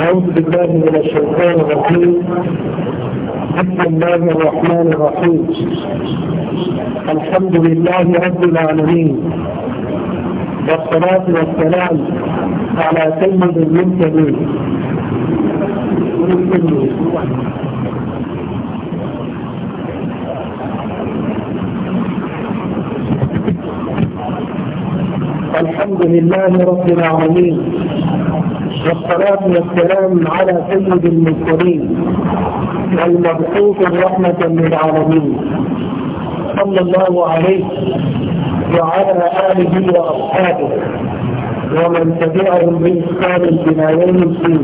أعوذ بالله من الشيطان الرجيم بسم الله الرحمن الرحيم الحمد لله رب العالمين والصلاة والسلام على سيد المرسلين الحمد لله رب العالمين والصلاة والسلام على سيد المرسلين المبعوث رحمة للعالمين صلى الله عليه وعلى آله وأصحابه ومن تبعهم بإحسان إلى يوم الدين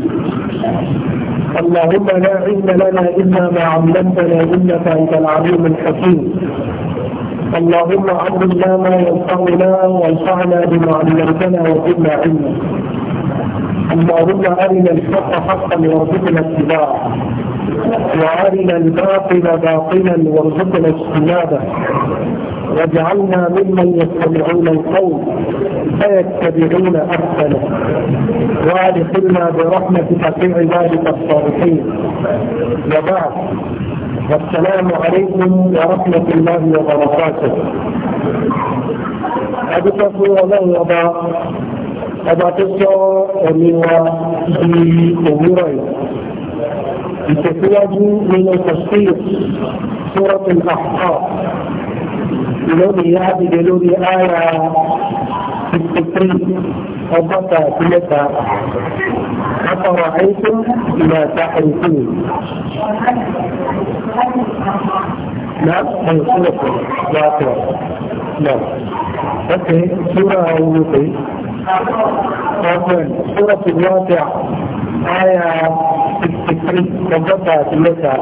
اللهم لا علم لنا إلا ما علمتنا إنك أنت العليم الحكيم اللهم علمنا ما ينفعنا وانفعنا بما علمتنا وزدنا علما اللهم ارنا الحق حقا وارزقنا اتباعه وارنا الباطل باطلا وارزقنا اجتنابه واجعلنا ممن يستمعون القول فيتبعون احسنه وادخلنا برحمتك في عبادك الصالحين وبعد والسلام عليكم ورحمة الله وبركاته أبو تفو الله أبا أبا تسو أميوا بي أميري بتفواج من التصوير سورة الأحقاف لوني يعدي لوني آية sixty three ọgọ́ta àti mẹ́ta afọ̀rọ̀ àìsàn ìlà àtàkùnkùn náà àìsànlọ̀kọ̀ láàpọ̀ náà ọkẹ́ ṣúra àwọn olùkọ́ ọgbọ̀n ṣúra ti wáṣà áyà sixty three ọgọ́ta àti mẹ́ta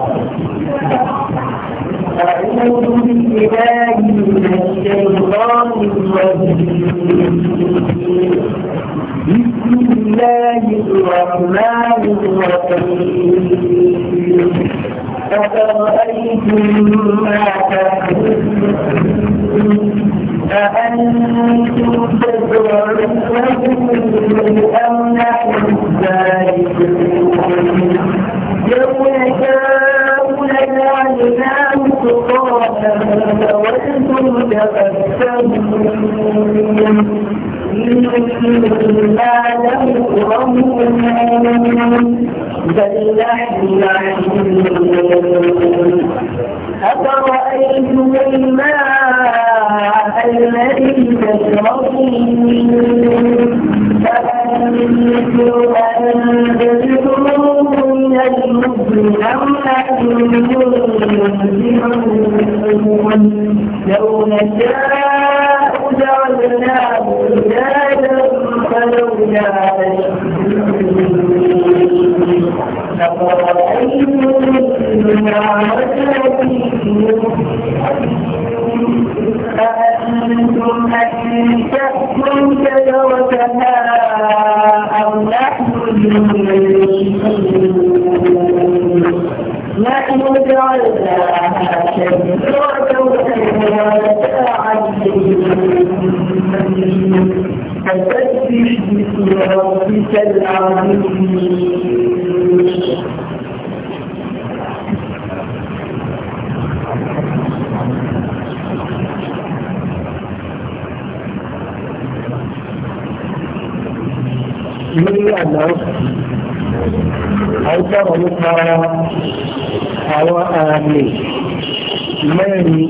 أعوذ بالله من الشيطان الرجيم بسم الله الرحمن الرحيم أفرأيتم ما تحبون أأنتم تزرعونه أم وإنتم تفكرون إنا لمكرمون بل نحن محزونون أفرأيتم الماء الذي تشربون أأنتم أنزلتموه النجم أم أنهم لو نشاء جعلناه بلادا فلولا تشكرون أفرأيتم النار التي أأنتم أنشأتم نحن المنشئون جعلناها شجرة فسبح باسم ربك العظيم من يعلم أو ترى àwọn àmì mẹ́rin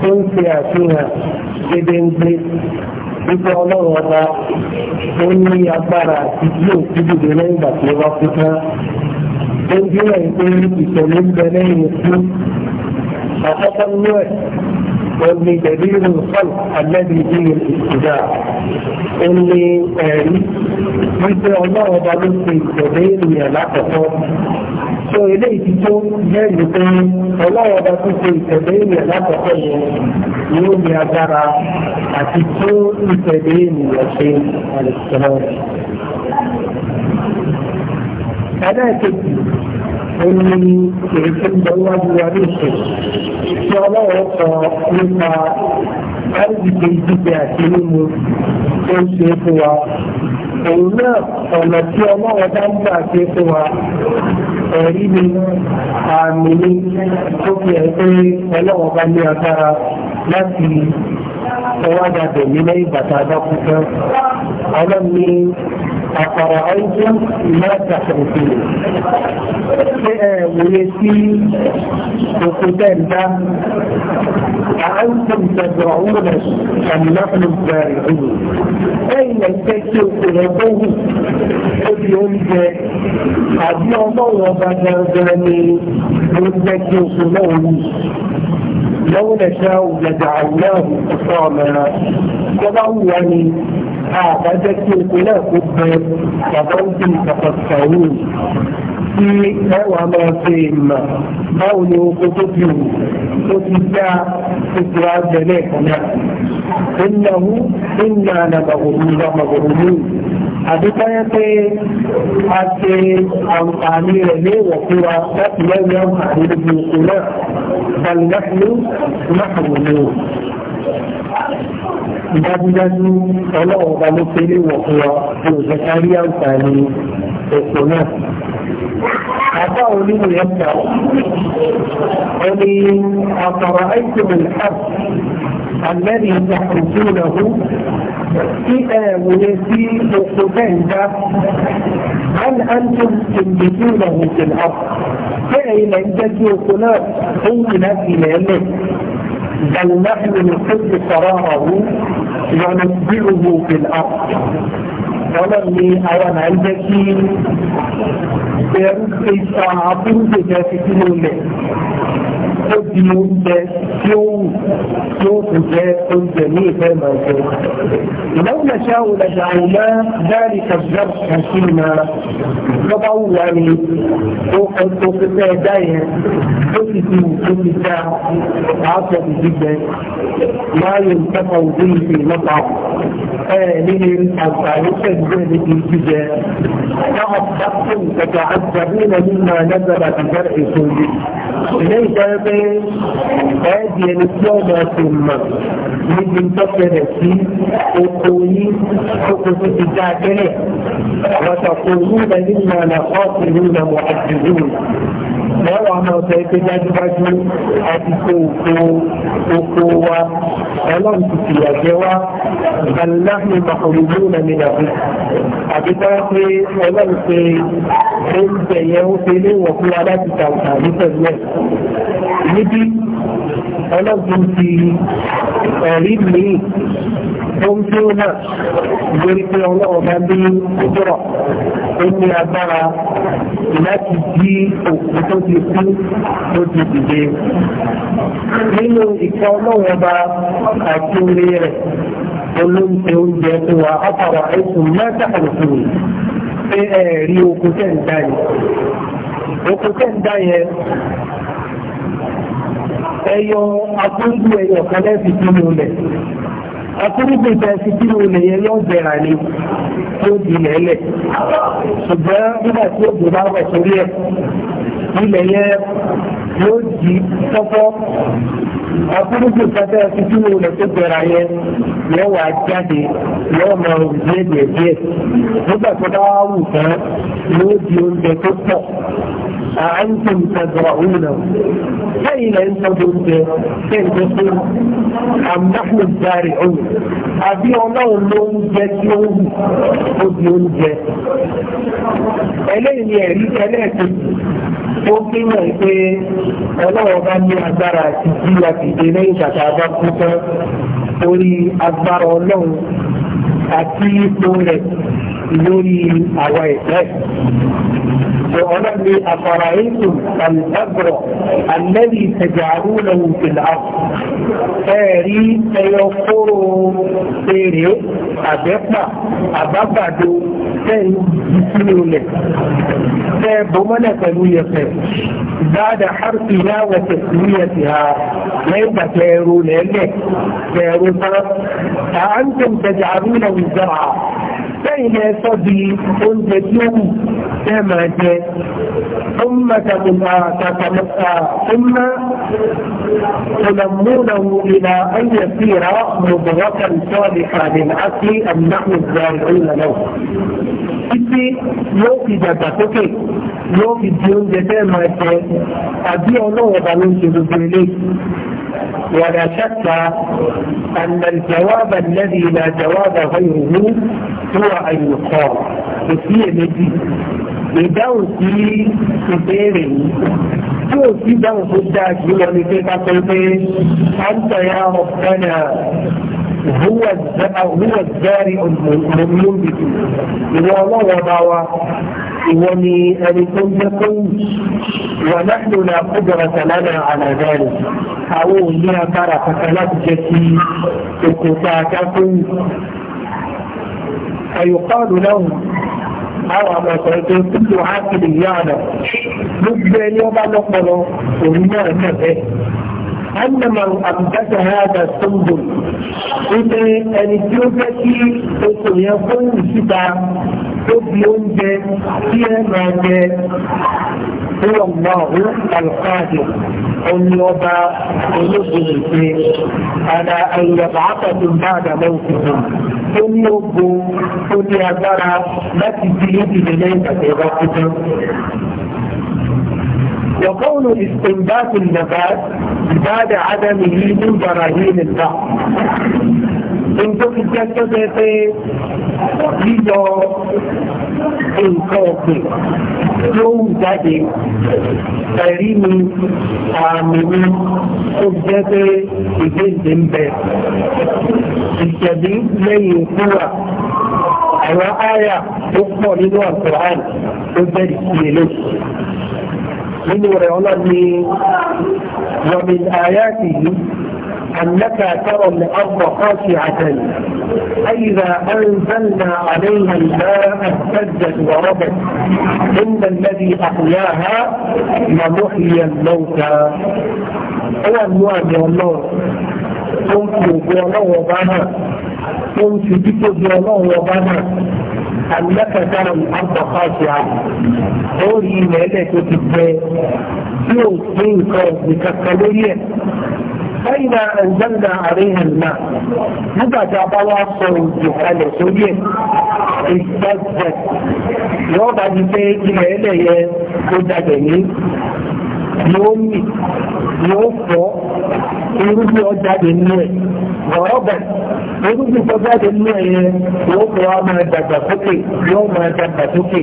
tó ń ṣe àfihàn gbẹdẹgbẹ wípé ọlọ́run ọba ó ní agbára àti bí òkú dìde lẹ́yìn ìgbà tí ó bá kú tán ó ń bí ẹ̀yìn pé ìṣẹ̀lẹ̀ ń bẹ lẹ́yìn ikú àkọ́kọ́ nínú ẹ̀ wọ́n ní dẹ̀bírù fọ́ọ̀lù alẹ́bìí ní ìṣúdá ó ní ẹ̀rí wípé ọlọ́run ọba ló ṣe ìṣẹ̀lẹ̀ ènìyàn tó ilé ìtìjó mẹ́rin pé ọlọ́wọ́ bá tún ṣe ìtẹ̀lé ènìyàn lákọ̀ọ́kọ́ yẹn ni ó ní agbára àti tó ìtẹ̀lé ènìyàn ṣe àlùsọ̀rọ̀. ẹlẹ́ẹ̀kejì ó ní èyí tó ń bọ̀ wájú wa ní ìṣe tí ọlọ́wọ́ sọ nípa àìsíkè jíjẹ àti mímu tó ń ṣe fún wa òun náà ọ̀nà tí ọlọ́wọ́ bá ń gbà ṣe fún wa ẹ̀rí ni àmì ni tó fi ẹ̀ pé ọlọ́wọ́ bá ní agbára láti ọwọ́ àdàbẹ̀ nílẹ̀ ìgbà tá a bá kú أفرأيتم ما تحرثون ويسي وقتال ده أأنتم تزرعون أم نحن الزارعون أين الكسر قلوبه قد ينجى àbí ọmọ wọn bá gbẹrẹgbẹrẹ ní oúnjẹ tí o kò náà wù. لو نشاء لجعلناه حصاما وضعوا يعني àbá jẹ́ kí oko náà kó bẹ bàbá ń bí ìpàkàkàwò tí ẹwà máa ṣe ìmọ̀ báwo ni oko tó ti wù tó ti dá oṣù àgbẹ̀lẹ̀ kan náà. Ìnáwó ìnà ànàbàwòrán àdúgbáyé pé a ṣe àǹfààní rẹ̀ ní ìwọ̀kúwa láti lẹ́yìn àǹfààní lójú oko náà. Bàlùmáṣìlú máṣàwòrán. dájúdájú ọlọ́run ọba ló pé léwọ̀ fún wa bí ó jẹ́ kárí àǹfààní ètò náà. Àbá onímọ̀ yẹn gbà ẹni àtọ̀rọ̀ àìsàn ìlàkàb àlẹ́rìí ìjàkùnkùn náà kí ẹ wòye sí oko bẹ́ẹ̀ ń dá. Hàn àǹtún tìǹbìtì náà ń jìnnà. Bẹ́ẹ̀ ilẹ̀ ń jẹ́ kí oko náà ó wù láti ilẹ̀ ẹlẹ́. بل نحن نحب قراره ونتبعه في الأرض ولم أرى عندك في أرض الساعة في ذات ó di oúnjẹ tí ó wù tí ó kù jẹ oúnjẹ ní ìfẹ́ máa jẹ. ìnáwó nàṣà wò lẹ́dà àwòmá dáàrí kàbíyà kàṣí ma lọ́ba wù wá ni ó ẹ̀tọ́ pípẹ́ ẹ̀dá yẹn ó sì ti wù tó ti dá àápọ̀ ìdígbẹ́ láàyè ìtẹ́kọ̀ òdú ìfì lọ́ba ẹ̀ nínú àǹfààní pẹ̀lú bẹ́ẹ̀ níbi jíjẹ. Táwọn dákùn tẹ̀tẹ̀ àjàdínlẹ̀ nínú àlẹ́gbẹ̀rẹ̀ àti bẹ́ẹ̀ èso yìí. Ilé ìjọba ẹ̀ẹ́dì ẹni tí ọ̀nà ti mọ̀ níbi tọ́kẹ̀rẹ̀ sí oko yìí oko tó ti dá abẹ́rẹ́ wọ́n sọ fún yìí lẹ́yìn náà lọ́kọ́ sí yìí lọ́wọ́ àti yìí ẹwà máa sọ pé dájúdájú àti pé oko oko wa ọlọ́run ti fìyà jẹ wá aláhùn ìmọ̀kànlélú náà ní ìyàwó àbí bá pé ọlọ́run pé oúnjẹ yẹn ó ṣe ilé ìwọ̀ fún wa láti tàǹtà ní pẹ̀lú ẹ̀ níbi ọlọ́run ti ẹ̀rí mìíràn ohun tí ó náà ìgbérí pé ọlọ́run bá ní ìjọ́rọ̀ ó ní agbára láti jí òkú tó ti kú tó ti dìde. Nínú ìkọ́ ọlọ́run ọba àti orí rẹ̀ olóúnjẹ oúnjẹ tó wà ápàwà ẹ̀sùn mẹ́ta àlùkù pé ẹ̀ẹ̀rí okun tẹ̀ ń dá yẹn. Okun tẹ̀ ń dá yẹn ẹyọ agbóńgbò ẹyọ kan lẹ́sìn tó lulẹ̀ akúrúgbìn tẹ fi sínú ilẹ̀ yẹn yóò bẹ̀rẹ̀ ni tó di ilẹ̀ lẹ̀ ṣùgbọ́n nígbà tí òjò bá wẹ̀ sórí ẹ̀ ilẹ̀ yẹn yóò di tọ́pọ́ akúrúgbìn tẹ fẹ́ fi sínú ilẹ̀ tó bẹ̀rẹ̀ yẹn yóò wá jáde yóò máa wù díẹ̀ díẹ̀ díẹ̀ nígbà tó bá wù tán yóò di oúnjẹ tó pọ̀. أأنتم تزرعونه أين ينتظرون كيف يقول أم نحن الزارعون àbí ọlọ́run ló ń jẹ tí ó wù ó di oúnjẹ. ẹlẹ́yìn ni ẹ̀rí ẹlẹ́ẹ̀kejì pé ọlọ́run bá ní agbára àti bí àtìgbè lẹ́yìn bàtà bá kú orí agbára ọlọ́run àti ipò rẹ̀ lórí àwọn ẹ̀fẹ́. وأولئك إيه. أفرأيتم الأبر الذي تجعلونه في الأرض فاري سيغفر سيري أبقى tẹ́ ìsinmi olẹ̀ tẹ́ bọ́mọ́lẹ̀ pẹ̀lú yẹ̀fẹ̀ dáadáa harfi náà wẹ̀tẹ̀ sí yẹ̀fẹ̀ ha lẹ́yìn ìgbà tẹ́ ẹ̀rọ lẹ́lẹ̀ tẹ́ ẹ̀rọ sára ta an tẹ̀ tẹ̀ jàrú na wùzọ́ra lẹ́yìn ẹ sọ di oúnjẹ tí ó wù tẹ́ máa jẹ ó ń máa tàbùkà tàbùkà ó ń máa أن نحن الزارعون له títí yóò fi dàgbàsókè yóò fi di oúnjẹ tẹ́ẹ̀ máa jẹ àbí ọlọ́wọ́ ọba ló ń ṣe gbogbo eléyìí ولا شك أن الجواب الذي لا جواب غيره هو أن يقال في èméjì ìdáhùn sí tí ò sí dáhùn tó dáa jù lọ ní pé yà هو هو الزارع المنبت إذا الله وضعوا ومن أنكم تكون ونحن لا قدرة لنا على ذلك أو لها ترى فكلات جتي تكتاككم فيقال لهم àwọn àmọ̀ ọ̀sán tó kúlò ákìlì yára gbogbo ẹni ọba lọ́pọlọ òun náà náà bẹ́ẹ̀. أن من أنبت هذا السنبل إذا الجوبة يكون شتاء قبل فيها ما هو الله القادر أن يضع ونزل فيه على أن يبعثكم بعد موتكم أن يبقوا أن يبقى التي تريد إليك في غفلة وقول استنبات النبات بعد عدمه من براهين البحر ان كنت تكتب في يجو nǹkan ọ̀pẹ̀ tó ń jáde ẹ̀rí ni àmì ni ó jẹ́ pé ìgbéǹde ń bẹ. Ìṣẹ̀bí lẹ́yìn ìkúwà àwọn áyà tó pọ̀ nínú àkùrán tó bẹ̀rẹ̀ sí eléyìí. من rẹ̀ ومن آياته أنك ترى الأرض خاشعة أيذا أنزلنا عليها الماء اهتزت وربت إن الذي أحياها لمحيي الموتى هو المواد والله ó ń الله ògbó ọlọ́wọ́ bá náà ó أنك ترى الأرض خاشعة أوري ما لك تبقى يوم سنك بكالوريا أين أنزلنا عليها الماء متى تعطوا أصل جهال سوريا استجدت يوضع بفيك ما لك تبقى yóò mì yóò fọ́ irúgbìn ọjáde nínú ẹ̀ ọ̀rọ̀bẹ̀ irúgbìn ọjáde nínú ẹ̀ yẹn yóò fọ́ a máa dàgbà sókè yóò máa dàgbà sókè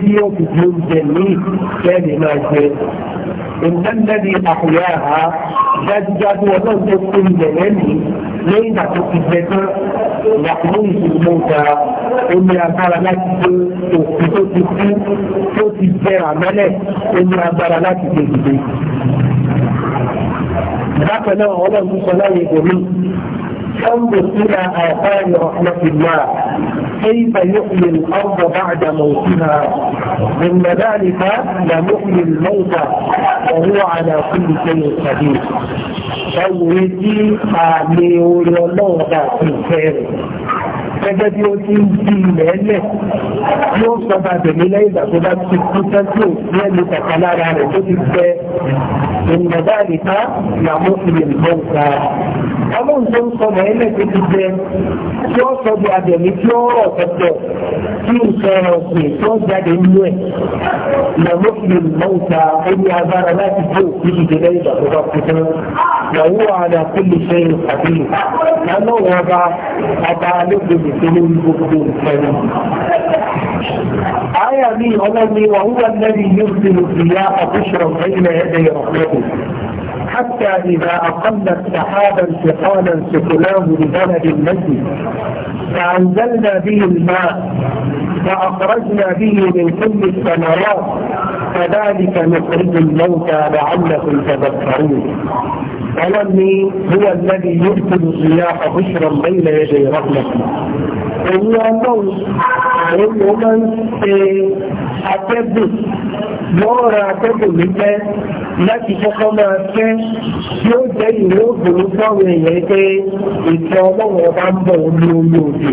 tí yóò fi di oúnjẹ míì kẹ́ẹ̀ni máa jẹ إن الذي أحياها جاد جاد وضعت كل جلالي لين تكذب يحييه الموتى إن أبار لك تكذب تكذب عملك إن أبار لك تكذب ذاك نوع الله صلى الله عليه وسلم انظر إلى آثار رحمة الله كيف يحيي الأرض بعد موتها ضمن ذلك لمحيي الموتى وهو على كل شيء قدير ẹwùrí tí àmì orí ọlọ́run bá ti fẹ́ rẹ̀. Gẹ́gẹ́ bí ó ti ń di ilẹ̀ ẹlẹ̀, yóò sọba tèmi lẹ́yìn ìgbà tó bá ti kú sẹ́tì òfin ẹni kàkà lára rẹ̀ tó ti fẹ́. Ìmọ̀dá àdìká làmú ilé ìbọn ga. Ọlọ́run tó ń sọ mọ̀ ẹlẹ́ tó ti jẹ, tí ó sọ bí àbẹ̀mí tí ó rọ̀ kọ́kọ́ tí nǹkan ọ̀sìn tó jáde nínú ẹ̀ lọ́wọ́ fi mọ́ta ó ní agbára láti gbé òfin ìdílé ìgbà tó bá kú tán ìyàwó àdá tó lè ṣe ìpàdé lọ́wọ́ wọn bá ọba alógbèmí tó lórí gbogbo nǹkan ni. آية مين الله وهو الذي يرسل الرياح بشرا بين يدي رحمته حتى إذا أقل السحاب انتقالا سكناه لبلد النجم فأنزلنا به الماء فأخرجنا به من كل الثمرات كذلك نخرج الموتى لعلكم تذكرون ولمي هو الذي يرسل الرياح بشرا بين يدي رحمته إن ọlọ́run àwọn èèyàn máa ń ṣe لك yóò ra yóò jẹ́ ìwé òdòdó fáwọn èèyàn pé ìtọ́ ọlọ́run ọba ń bọ̀ ní omi òde.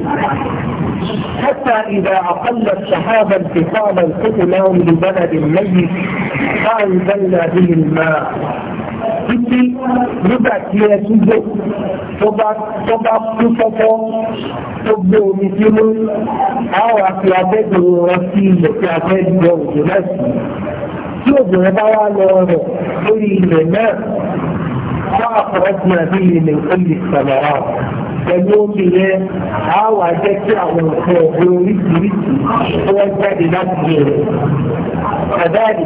حتى إذا أقل السحاب انتقالا قتلهم لبلد ميت فأنزلنا به الماء títí nígbà tí ẹ tún gbé tó bá kú fọ́fọ́ tó gbé omi tí mú àwọn àti abẹ́gbẹ̀rún wọn sí ilẹ̀ tí a fẹ́ jọ òjò náà sí tí obìnrin bá wá lọ rẹ̀ lórí ilẹ̀ náà wọ́n àfọwọ́sí àbí ilẹ̀ olè sàmàrà pẹ̀lú omi yẹn á wà jẹ́ kí àwọn ọ̀sẹ̀ ọ̀gbẹ́ oríṣiríṣi tó wọ́n jáde láti bẹ̀rẹ̀. Àdáàdì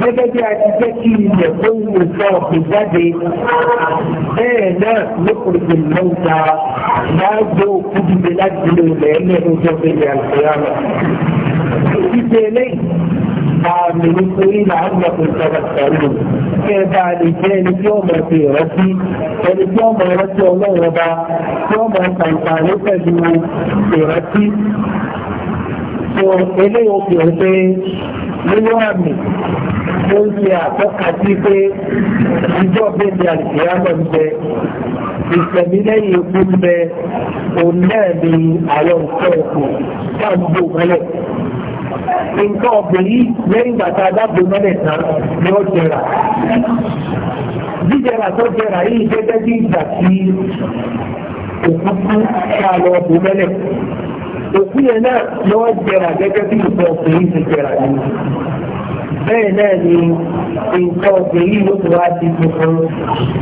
gẹ́gẹ́ bí a ti jẹ́ kí ilẹ̀ tó ń lò sọ ọ̀gbìn jáde bẹ́ẹ̀ náà lókòrò lọ́wọ́ ta máa gbé òkú dìde láti lè lẹ́ẹ̀mẹ́rin ọjọ́ bẹ̀rẹ̀ àgbéyàwó. Ìdíje eléyìí àmì ní pé ìlà àgbàkùn ìjọba pẹ̀lú kí ẹ bá lè jẹ́ ẹni tí ọmọ ti ìrántí ẹni tí ọmọ ìrántí ọlọ́run ọba tí ọmọ ìpàǹpààní pẹ̀lú ìrántí. So eléyìí ó fi hàn pé nínú àmì tó ń ṣe àtọ́ka sí pé ìjọ bèbè àlùfíàmọ̀ ń bẹ ìṣẹ̀mí lẹ́yìn ikú ń bẹ òun náà ni àwọn nǹkan ẹ̀kọ́ tá à ń gbò mọ́lẹ̀ nǹkan ọ̀gbìn yìí lẹ́yìn ìgbà tá a dábò mẹ́lẹ̀ tán ni ó jẹrà. jíjẹrà tó jẹrà yìí gẹ́gẹ́ bí ìgbà tí òkú kú ká lọ bò mẹ́lẹ̀. òkú yẹn náà ni wọ́n jẹrà gẹ́gẹ́ bí ìgbà ọ̀gbìn ti jẹrà yìí. bẹ́ẹ̀ náà ni nǹkan ọ̀gbìn yìí ló ti wá di tuntun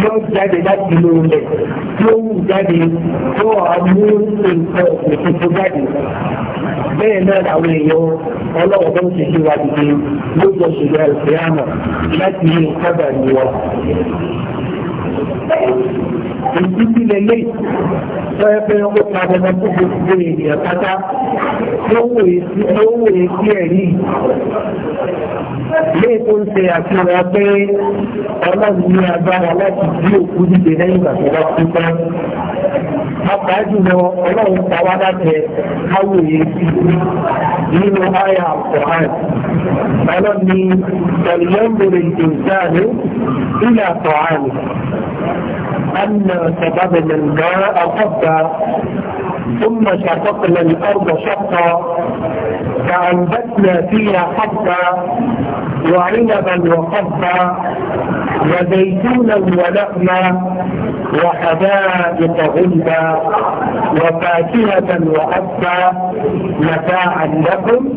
yóò jáde láti inú ilẹ̀ yóò wù jáde yóò wá mú nǹkan ọ̀gbìn tuntun jáde. bẹ́ẹ̀ náà làwọn èèyàn ọlọ́wọ́ tó ń ṣe sí wa dìde lójọ ṣùgbọ́n ìfẹ́ àmọ̀ láti yí nǹkan bàbí wọn ìdíjí lélẹ̀ lọ́yẹ́ pé wọ́n kó pa dandan tó gbogbo ènìyàn pátá ló wòye sí ẹ̀rí ilé tó ń ṣe àfihàn pé ọlọ́run ní agbára láti dí òkú dìde lẹ́yìn ìgbà tó bá kú tán. Pàápàá jùlọ ọlọ́run pa wá láti káwòye sí nínú àyà àkọ́hán. Ọlọ́run ní ìtàlẹ́yìn lórí ìdòǹsáàlú ìlà أن من الماء قبضا ثم شققنا الأرض شقا فأنبتنا فيها حبا وعنبا وقبا وزيتونا ولحما وحدائق غلبا وفاكهة وأبا متاعا لكم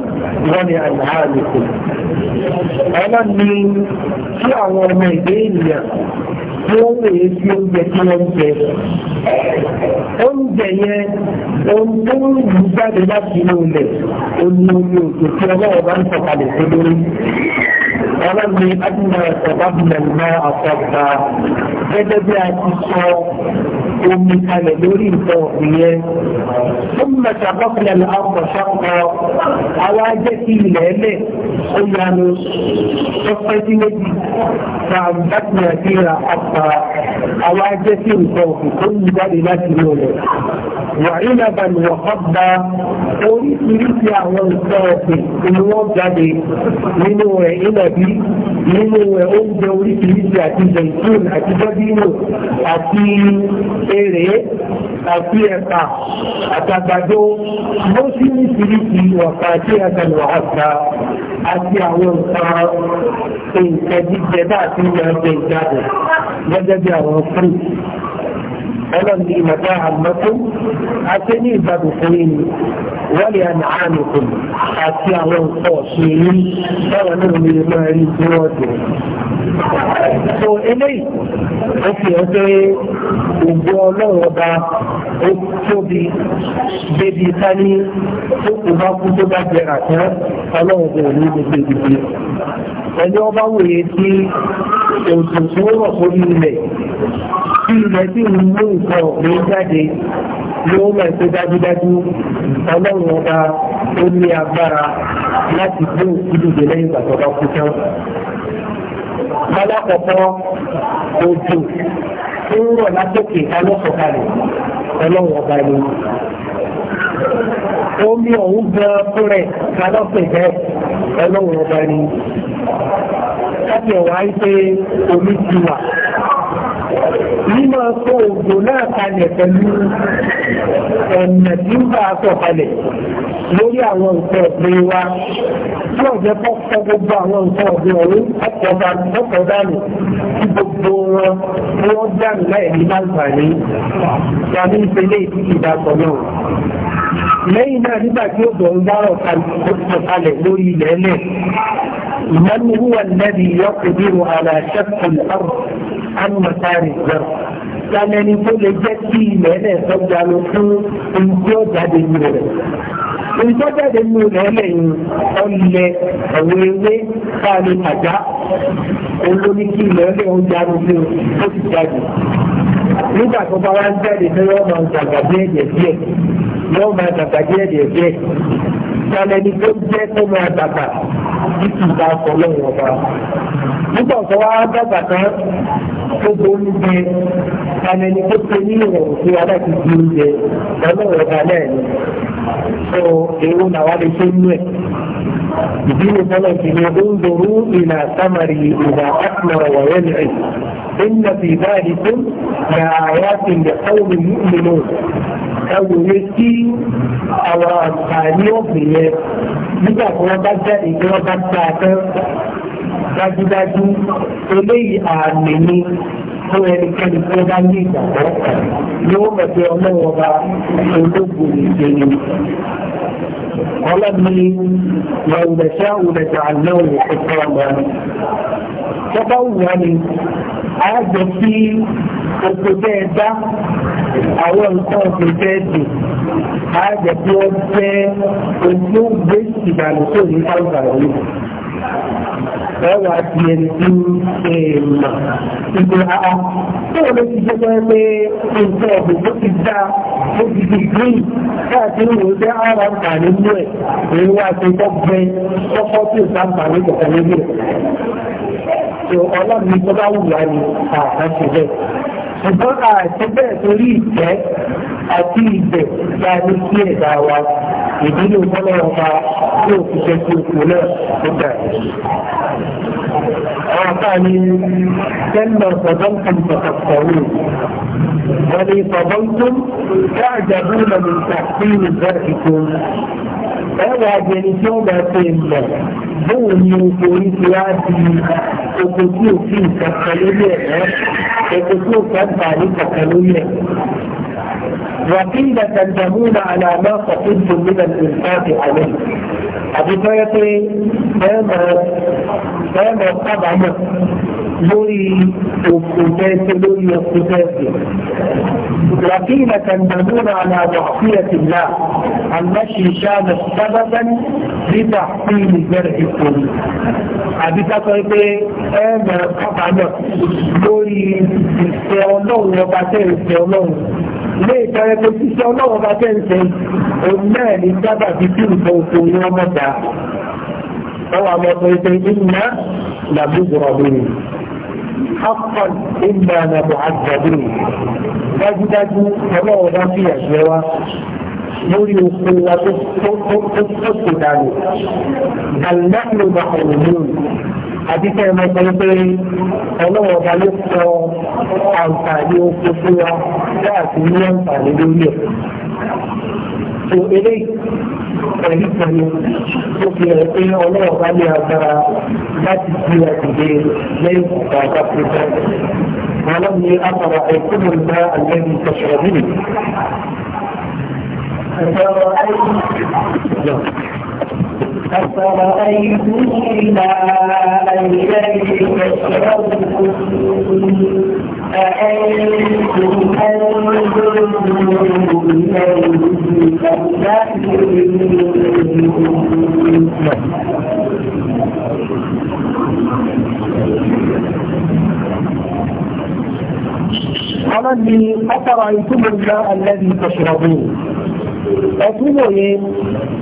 ولأنعامكم ألم من شعر ميدانيا tí wọ́n lè fi oúnjẹ tí wọ́n jẹ. Oúnjẹ yẹn ohun tó ń yí jáde láti inú ilẹ̀ oní omi òkè tí ọlọ́wọ́ bá ń sọ̀kalẹ̀ sí lórí. Ọlọ́ni Adúlá Ṣọ̀bábùlẹ̀ náà àtọ̀gbà gẹ́gẹ́ bí a ti sọ omi kalẹ̀ lórí nǹkan ìyẹn. Ó ń mẹ́ta bọ́kùnrin lọ́kọ̀ ṣọ́kọ̀ àwa jẹ́ kí ilẹ̀ ẹlẹ̀ ó yanu lọ́pẹ́ sí méjì náà láti nàìjíríà àpá àwọn ajẹ́sí nǹkan òkú tó ń jáde láti ní ọ̀rẹ́. وعنبا وقبا oríṣiríṣi àwọn nǹkan ọ̀sìn ni wọ́n jáde nínú rẹ̀ ìnàbí nínú rẹ̀ oúnjẹ oríṣiríṣi àti zaitun àti dọ́bínú àti eré àti ẹ̀pà àtàgbàdo lóṣìṣiríṣi ọ̀pá àti ẹ̀kànlù ọ̀sà àti àwọn nǹkan nǹkan bá àti ìyànjẹ ìjáde gẹ́gẹ́ bí àwọn fúrúùtù ọlọ́run ní ìmọ̀tá àmọ́tún àti ní ìbàdàn fún yín wọ́n lè àná àmìkùn àti àwọn nǹkan ọ̀sìn yín báwọn náà ní ilé máa rí tí wọ́n dùn. so eléyìí ó fi hàn pé ògbó ọlọ́run ọba ó tóbi débi sani tó kò bá kú tó bá jẹrà tán ọlọ́run kò ní gbogbo ìdíje. ẹni ọba wòye tí òtútù rọ̀ sórí ilẹ̀ ilẹ̀ tí ń mú nǹkan ọ̀gbìn jáde ló mọ̀ pé dájúdájú ọlọ́run ọba ó ní agbára láti gbé òkúdùdè lẹ́yìn ìgbà tó bá kú tán. Lálákọ̀ọ́kọ́ òjò tó ń rọ̀ látòkè alọ́sọ̀kalẹ̀ ọlọ́run ọba ni. Omi ọ̀hún gan fún rẹ̀ kálọ́sẹ̀ jẹ́ ọlọ́run ọba ni. Káfíọ̀ wá pé omi ti wà yìí máa sọ òjò náà kalẹ̀ pẹ̀lú ọ̀nà tí ń bá sọ kalẹ̀ lórí àwọn nǹkan ọ̀gbìn wa tí ọ̀jẹ́ pọ́pọ́ gbogbo àwọn nǹkan ọ̀gbìn ọ̀hún ọ̀pọ̀ dànù tí gbogbo wọn wọ́n dànù láì ní láǹfààní tàbí ìpele ìdíkì ìdásọ náà lẹ́yìn náà nígbà tí ó bọ̀ ń dárọ̀ kalẹ̀ lórí ilẹ̀ ẹlẹ̀ ìmọ̀n ní wúwà lẹ́bi yọkùnrin àlà ṣẹ́kùn ọ̀rọ̀ anùmọ̀tárì gbọ́n lálẹ́ ní tó lè jẹ́ kí ilẹ̀ ẹlẹ̀ sọ́jà lọ fún ohun tí ó jáde ní rẹ̀ èyí tó jáde ní ilẹ̀ ẹlẹ̀ yìí ọlẹ̀ ẹ̀wọ̀ ewé káàlì àjá olóní kí ilẹ̀ ẹlẹ̀ ó jáde ní ó jáde nígbà tó bá wá ń jáde lọ́wọ́ máa ń bí ẹ̀jẹ̀ díẹ̀ yóò máa dàgbà díẹ̀ díẹ̀ díẹ̀ ìsàlẹ̀ ni tó jẹ́ tó máa dàgbà títí ìgbà ọkọ̀ lọ́wọ́ ọba. Nígbà tó wá dàgbà tán tó bo oúnjẹ ìsàlẹ̀ ni tó ṣe ní ìrọ̀rùn sí wa láti oúnjẹ lọ́wọ́ ọba náà ni. So èrò làwa lè ṣe nú ẹ̀. Ìdílé bọ́lá ti ní oúnjẹrú ìlà sámárì ìlà àtúnọ̀rọ̀ wọ̀nyẹ́ nìyẹn. إن في ذلك لآيات لقوم يؤمنون ẹwùwé sí àwọn àǹfààní ọ̀gbìn yẹn nígbà tí wọ́n bá jáde tí wọ́n bá gbà tán dájúdájú eléyìí àmì ni fún ẹnikẹ́ni tí wọ́n bá ní ìgbàgbọ́ ni wọ́n mọ̀ pé ọlọ́wọ́ bá ológun ìgbéni. قال لي لو نشاء لجعلناه حكاما تبوني هذا في الكتابة àwọn nǹkan ọ̀sìn fẹ́ dùn á jẹ́ kí wọ́n fẹ́ ojú gbé ìdànù tó ní sáwùsà lórí. Ẹwà àti ẹni tí èèmọ̀ ìgbé àá. Tí wọ́n lè ti jẹ́ pé nǹkan ọ̀gbìn tó ti dá ó ti di green káàkiri ìwé jẹ́ ara ń kà ẹ̀ èyí wá sí tọ́gbẹ́ tọ́kọ́ tí ò sá ń bà ní Ọlọ́run ní tọ́ba wù wá ní àkàṣe bẹ́ẹ̀. ṣùgbọ́n àti bẹ́ẹ̀ torí ìjẹ́ àti ìbẹ̀ ya ní kí ẹ̀dá wa ìdílé ọmọlẹ́ ọba tí ò fi jẹ́ sí òkú náà nígbà àwọn àbá ni tẹ́lẹ̀ ọ̀sọ̀dọ́ǹkan pàtàkì wọ́n ni ìfọ̀dọ́ǹkan dáàjà bú lọ́mọ ìtàkùn ìrìnàjò ẹ̀wà abẹni tí ó bá ṣe mọ̀ bóun ni orí ti wá di oko tí ò sí ìkankan lórí ẹ̀ oko tí kankan lórí ẹ̀. وقيل تندمون على ما قصدتم من الانفاق عليه ابو طيب كان طبعا لوري القتاس لوري القتاس وقيل تندمون على معصية الله عن مشي شان سببا لتحصيل جرح الكريم أبي تقريبا أنا قطعنا لوري استعلون وقتل استعلون ilé ìtọ́rẹ tó ti ṣe ọlọ́wọ́ bá tẹ́ǹtẹ́ òun náà ní sábà fi kí nǹkan oko ní ọmọ ta ọwọ́ àwọn ọmọ ìṣe ìnà làbúgbọ̀rọ̀ lórí akọ ìgbà nàbọ̀ àgbàdo dájúdájú ọlọ́wọ́ bá fi àṣẹ wa lórí oko wa tó kò dànù àlẹ́ ìlú bàbá òun àti kẹ́ ẹ máa ń pẹ́ ọlọ́wọ́ ọba ló sọ àǹfààní oko fún wa láti ní àǹfààní lórí ẹ̀. So eléyìí ẹ̀rí kan ó fi hàn pé ọlọ́wọ́ ọba ní agbára láti di àdìde lẹ́yìn kọ̀ọ̀kan àgbàpẹ́ta. Àwọn ni a sọ̀rọ̀ ẹ̀kọ́ mi bá àlẹ́bí sọ̀rọ̀ nínú. Ẹ̀rọ ayé. أفرأيتم الماء الذي تشربون أأنتم أنزلتم إليه أم الماء الذي تشربون ẹ̀sùn wòye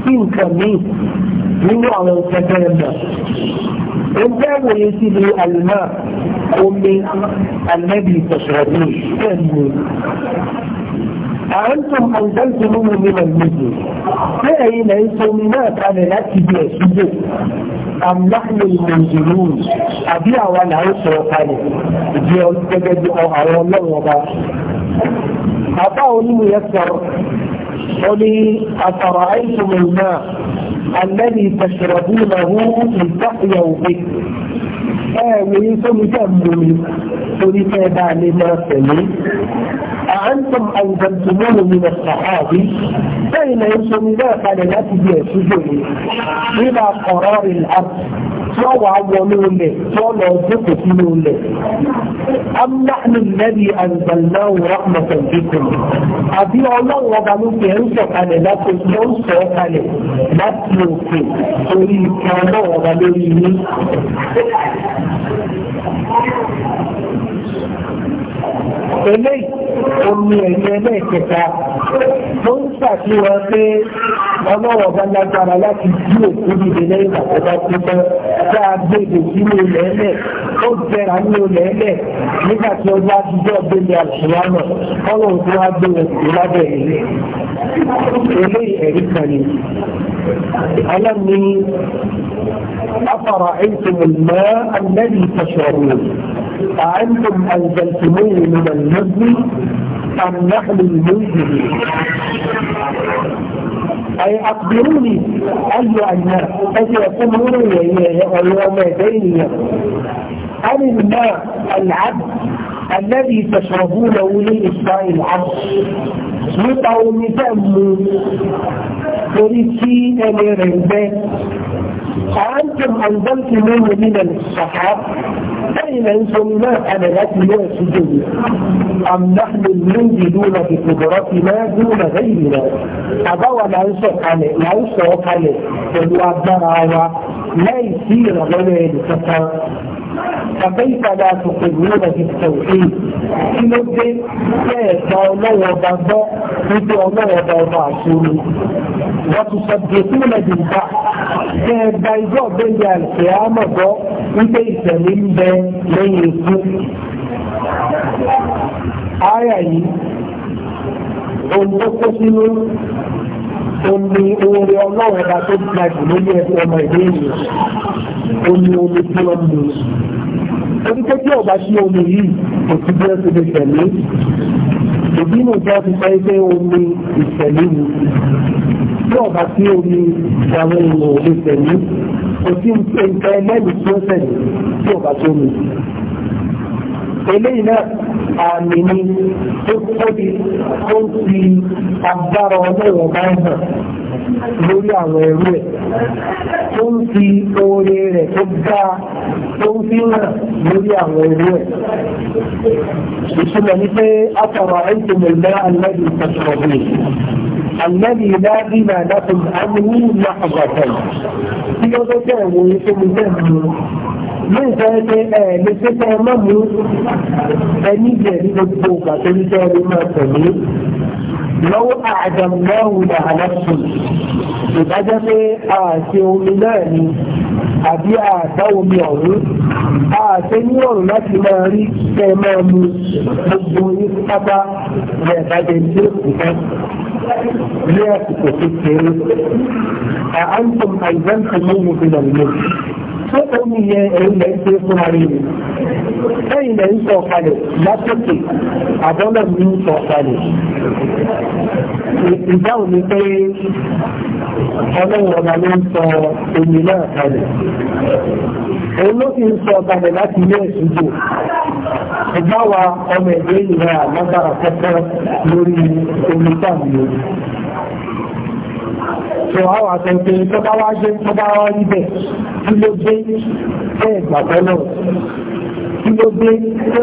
sí nǹkan míì nínú àwọn ìtẹ́tẹ́rẹ́ náà ẹgbẹ́ wòye sí ni àlùmá omi alẹ́bí ìtọ̀sọ̀rọ̀ ní ẹ̀mí أأنتم أنزلتموه من المزن فأي لأنتم ما كان لكي بيسجد أم نحن المنزلون أبي أولا عيسى وقالي جيو التجد أو أولا وقالي أبا أولي ميسر قوله أفرأيتم الماء الذي تشربونه لتحيوا به آمين ثم تأمني ثم تأبع لما سمي أأنتم أنزلتموه من الصحابي فإن يسمى قال لا تجي سجوني إلى قرار الأرض سوى عوانون له سوى لوزق سنون له أم نحن الذي أنزلناه رحمة بكم أبي الله وضعنا في أنسى قال لا تجي قال لا تجي قولي كان وضعنا eléyìí omi ẹ̀yẹ lẹ́ẹ̀kẹta ló ń ṣàfihàn pé ọlọ́wọ́ bá lágbára láti jí òkú níbi lẹ́yìn àkọ́kọ́ pípẹ́ tá a gbèdè sínú ilẹ̀ ẹlẹ̀ ó bẹ̀rẹ̀ ní ilẹ̀ ẹlẹ̀ nígbà tí ọjọ́ àtijọ́ gbélé àṣìyá náà ọlọ́run tó wá gbé wọn sí lábẹ́ ilé ilé ẹ̀rí kan ni. ọlọ́ni afara ẹ̀ǹtì mọ̀ ẹ̀ǹtì tẹ̀sọ̀rọ̀ أأنتم أنزلتموه من المزن أم نحن المنزلين أي أخبروني اي أي فسيكون يوم يدين عن الماء العبد الذي تشربونه لإسراء العبد nípa omi tẹ́ mú torí tí أأنتم أنزلتموه من الصحاب أين أنتم ما حملت لا سجود أم نحن المنزلون بقدرتنا دون غيرنا أبوا الأنصر عن الأنصر عن الوابدر على لا يصير غير الكفار فكيف لا تقرون بالتوحيد إن الدين لا يدعو الله وضعه يدعو الله وضعه وتصدقون بالبعث كبايزو بين القيامة دو ويبي سليم بين لين يسوع آية yìí ohun tó kó sínú omi oore ọlọ́run ọba tó gba jù lórí ẹgbẹ́ ọmọ ìlú ènìyàn omi omi tí wọ́n mú orí pé tí ọba sí omi yìí kò sí bí wọ́n ti lè tẹ̀lé ìdí nìjọ́ ti sọ pé omi ìtẹ̀lé tí ọ̀bá tí omi ìyàwó ìwò lè tẹ̀lé kò sí nǹkan ẹlẹ́rìí tí ó tẹ̀lé tí ọ̀bá tó mi. eléyìí náà àmì ni tó tóbi tó ń fi agbára ọlọ́rọ̀ bá ń hàn lórí àwọn ẹrú ẹ̀ tó ń fi oore rẹ̀ tó dá tó ń fi hàn lórí àwọn ẹrú ẹ̀. ìṣúná ni pé àtàwọn àìsàn ìlera alẹ́ ìtàkùn ọ̀gbìn. الذي لا بما لكم عنه لحظتين في يوم ويكون ذنب من ذلك لسه ممنوع أن يجري الضوء كتنسى لما تميل lọ́wọ́ àdàmọ́rùn làhálàtù ìdájọ́ pé àṣẹ omi náà ni àbí àdá omi ọ̀rún àṣẹ ní ọ̀rùn láti máa rí tẹ́ máa mu gbogbo ní pápá ní ẹ̀dájẹ́ tí ó kù tán ní àsìkò kékeré àáńtùm àìsàn tó mú mi fi nà ṣé omi yẹn ẹ̀yìn lẹ́ ń ṣe fúnra rí ni ẹ̀yìn lẹ́ ń sọ kalẹ̀ látòkè àbọ́lọ̀ mi ń sọ kalẹ̀ ìdáhùn ni pé ọlọ́run ọba ló ń sọ omi náà kalẹ̀ òun ló fi ń sọ wa ọmọ ẹ̀dẹ́ ìlera àlágbára kọ́kọ́ lórí omi táàmì tó àwọn àtẹ̀tẹ̀ tó bá wá jẹ́ tó bá wá níbẹ̀ kí ló dé ẹ̀ gbàgbọ́ náà kí ló dé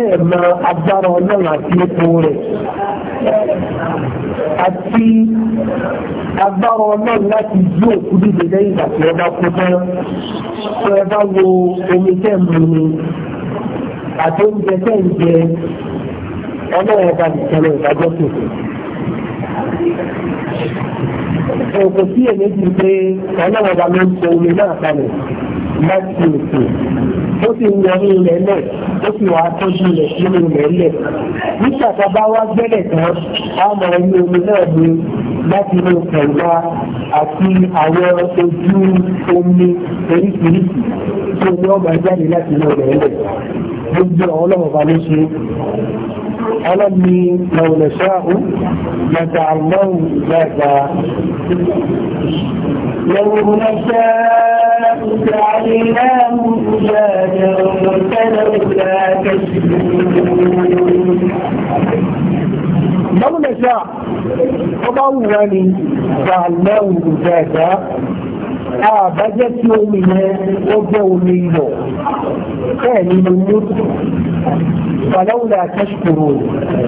ẹ̀ mọ agbára ọlọ́run àti epo rẹ̀ àti agbára ọlọ́run láti yí òkú dìde lẹ́yìn ìgbà tí ẹ bá kú tán tó ẹ bá wo omi tẹ́ mu ni àti oúnjẹ tẹ́ ń jẹ ọlọ́run ọba nìkan lọ ìdájọ́ tòkè kò sí èméjì pé ọlọ́wọ́ wa ló ń sọ omi náà kalẹ̀ láti òkè ó sì ń wọlé ilẹ̀ lẹ̀ ó sì wàá tọ́jú ilẹ̀ nínú ilẹ̀ lẹ̀ nígbà tá a bá wá gbẹ́lẹ̀ tán á mọ ilé omi náà ní láti inú kẹ̀ǹgà àti àwọn ojú omi oríṣiríṣi tí omi ọgbà jáde láti inú ilẹ̀ lẹ̀ gbogbo ọlọ́wọ́ wa ló ṣe é. ألم لو نشاء لجعلناه ذاتا لو نشاء جعلناه أجاجا لا تشكرون لو نشاء فضعوا ولي يعني؟ جعلناه أجاجا àbájẹ́ tí omi yẹn ó jẹ́ omi ìlọ̀ bẹ́ẹ̀ ni mo mú fàlọ́wùlà àtẹ́sùkòrò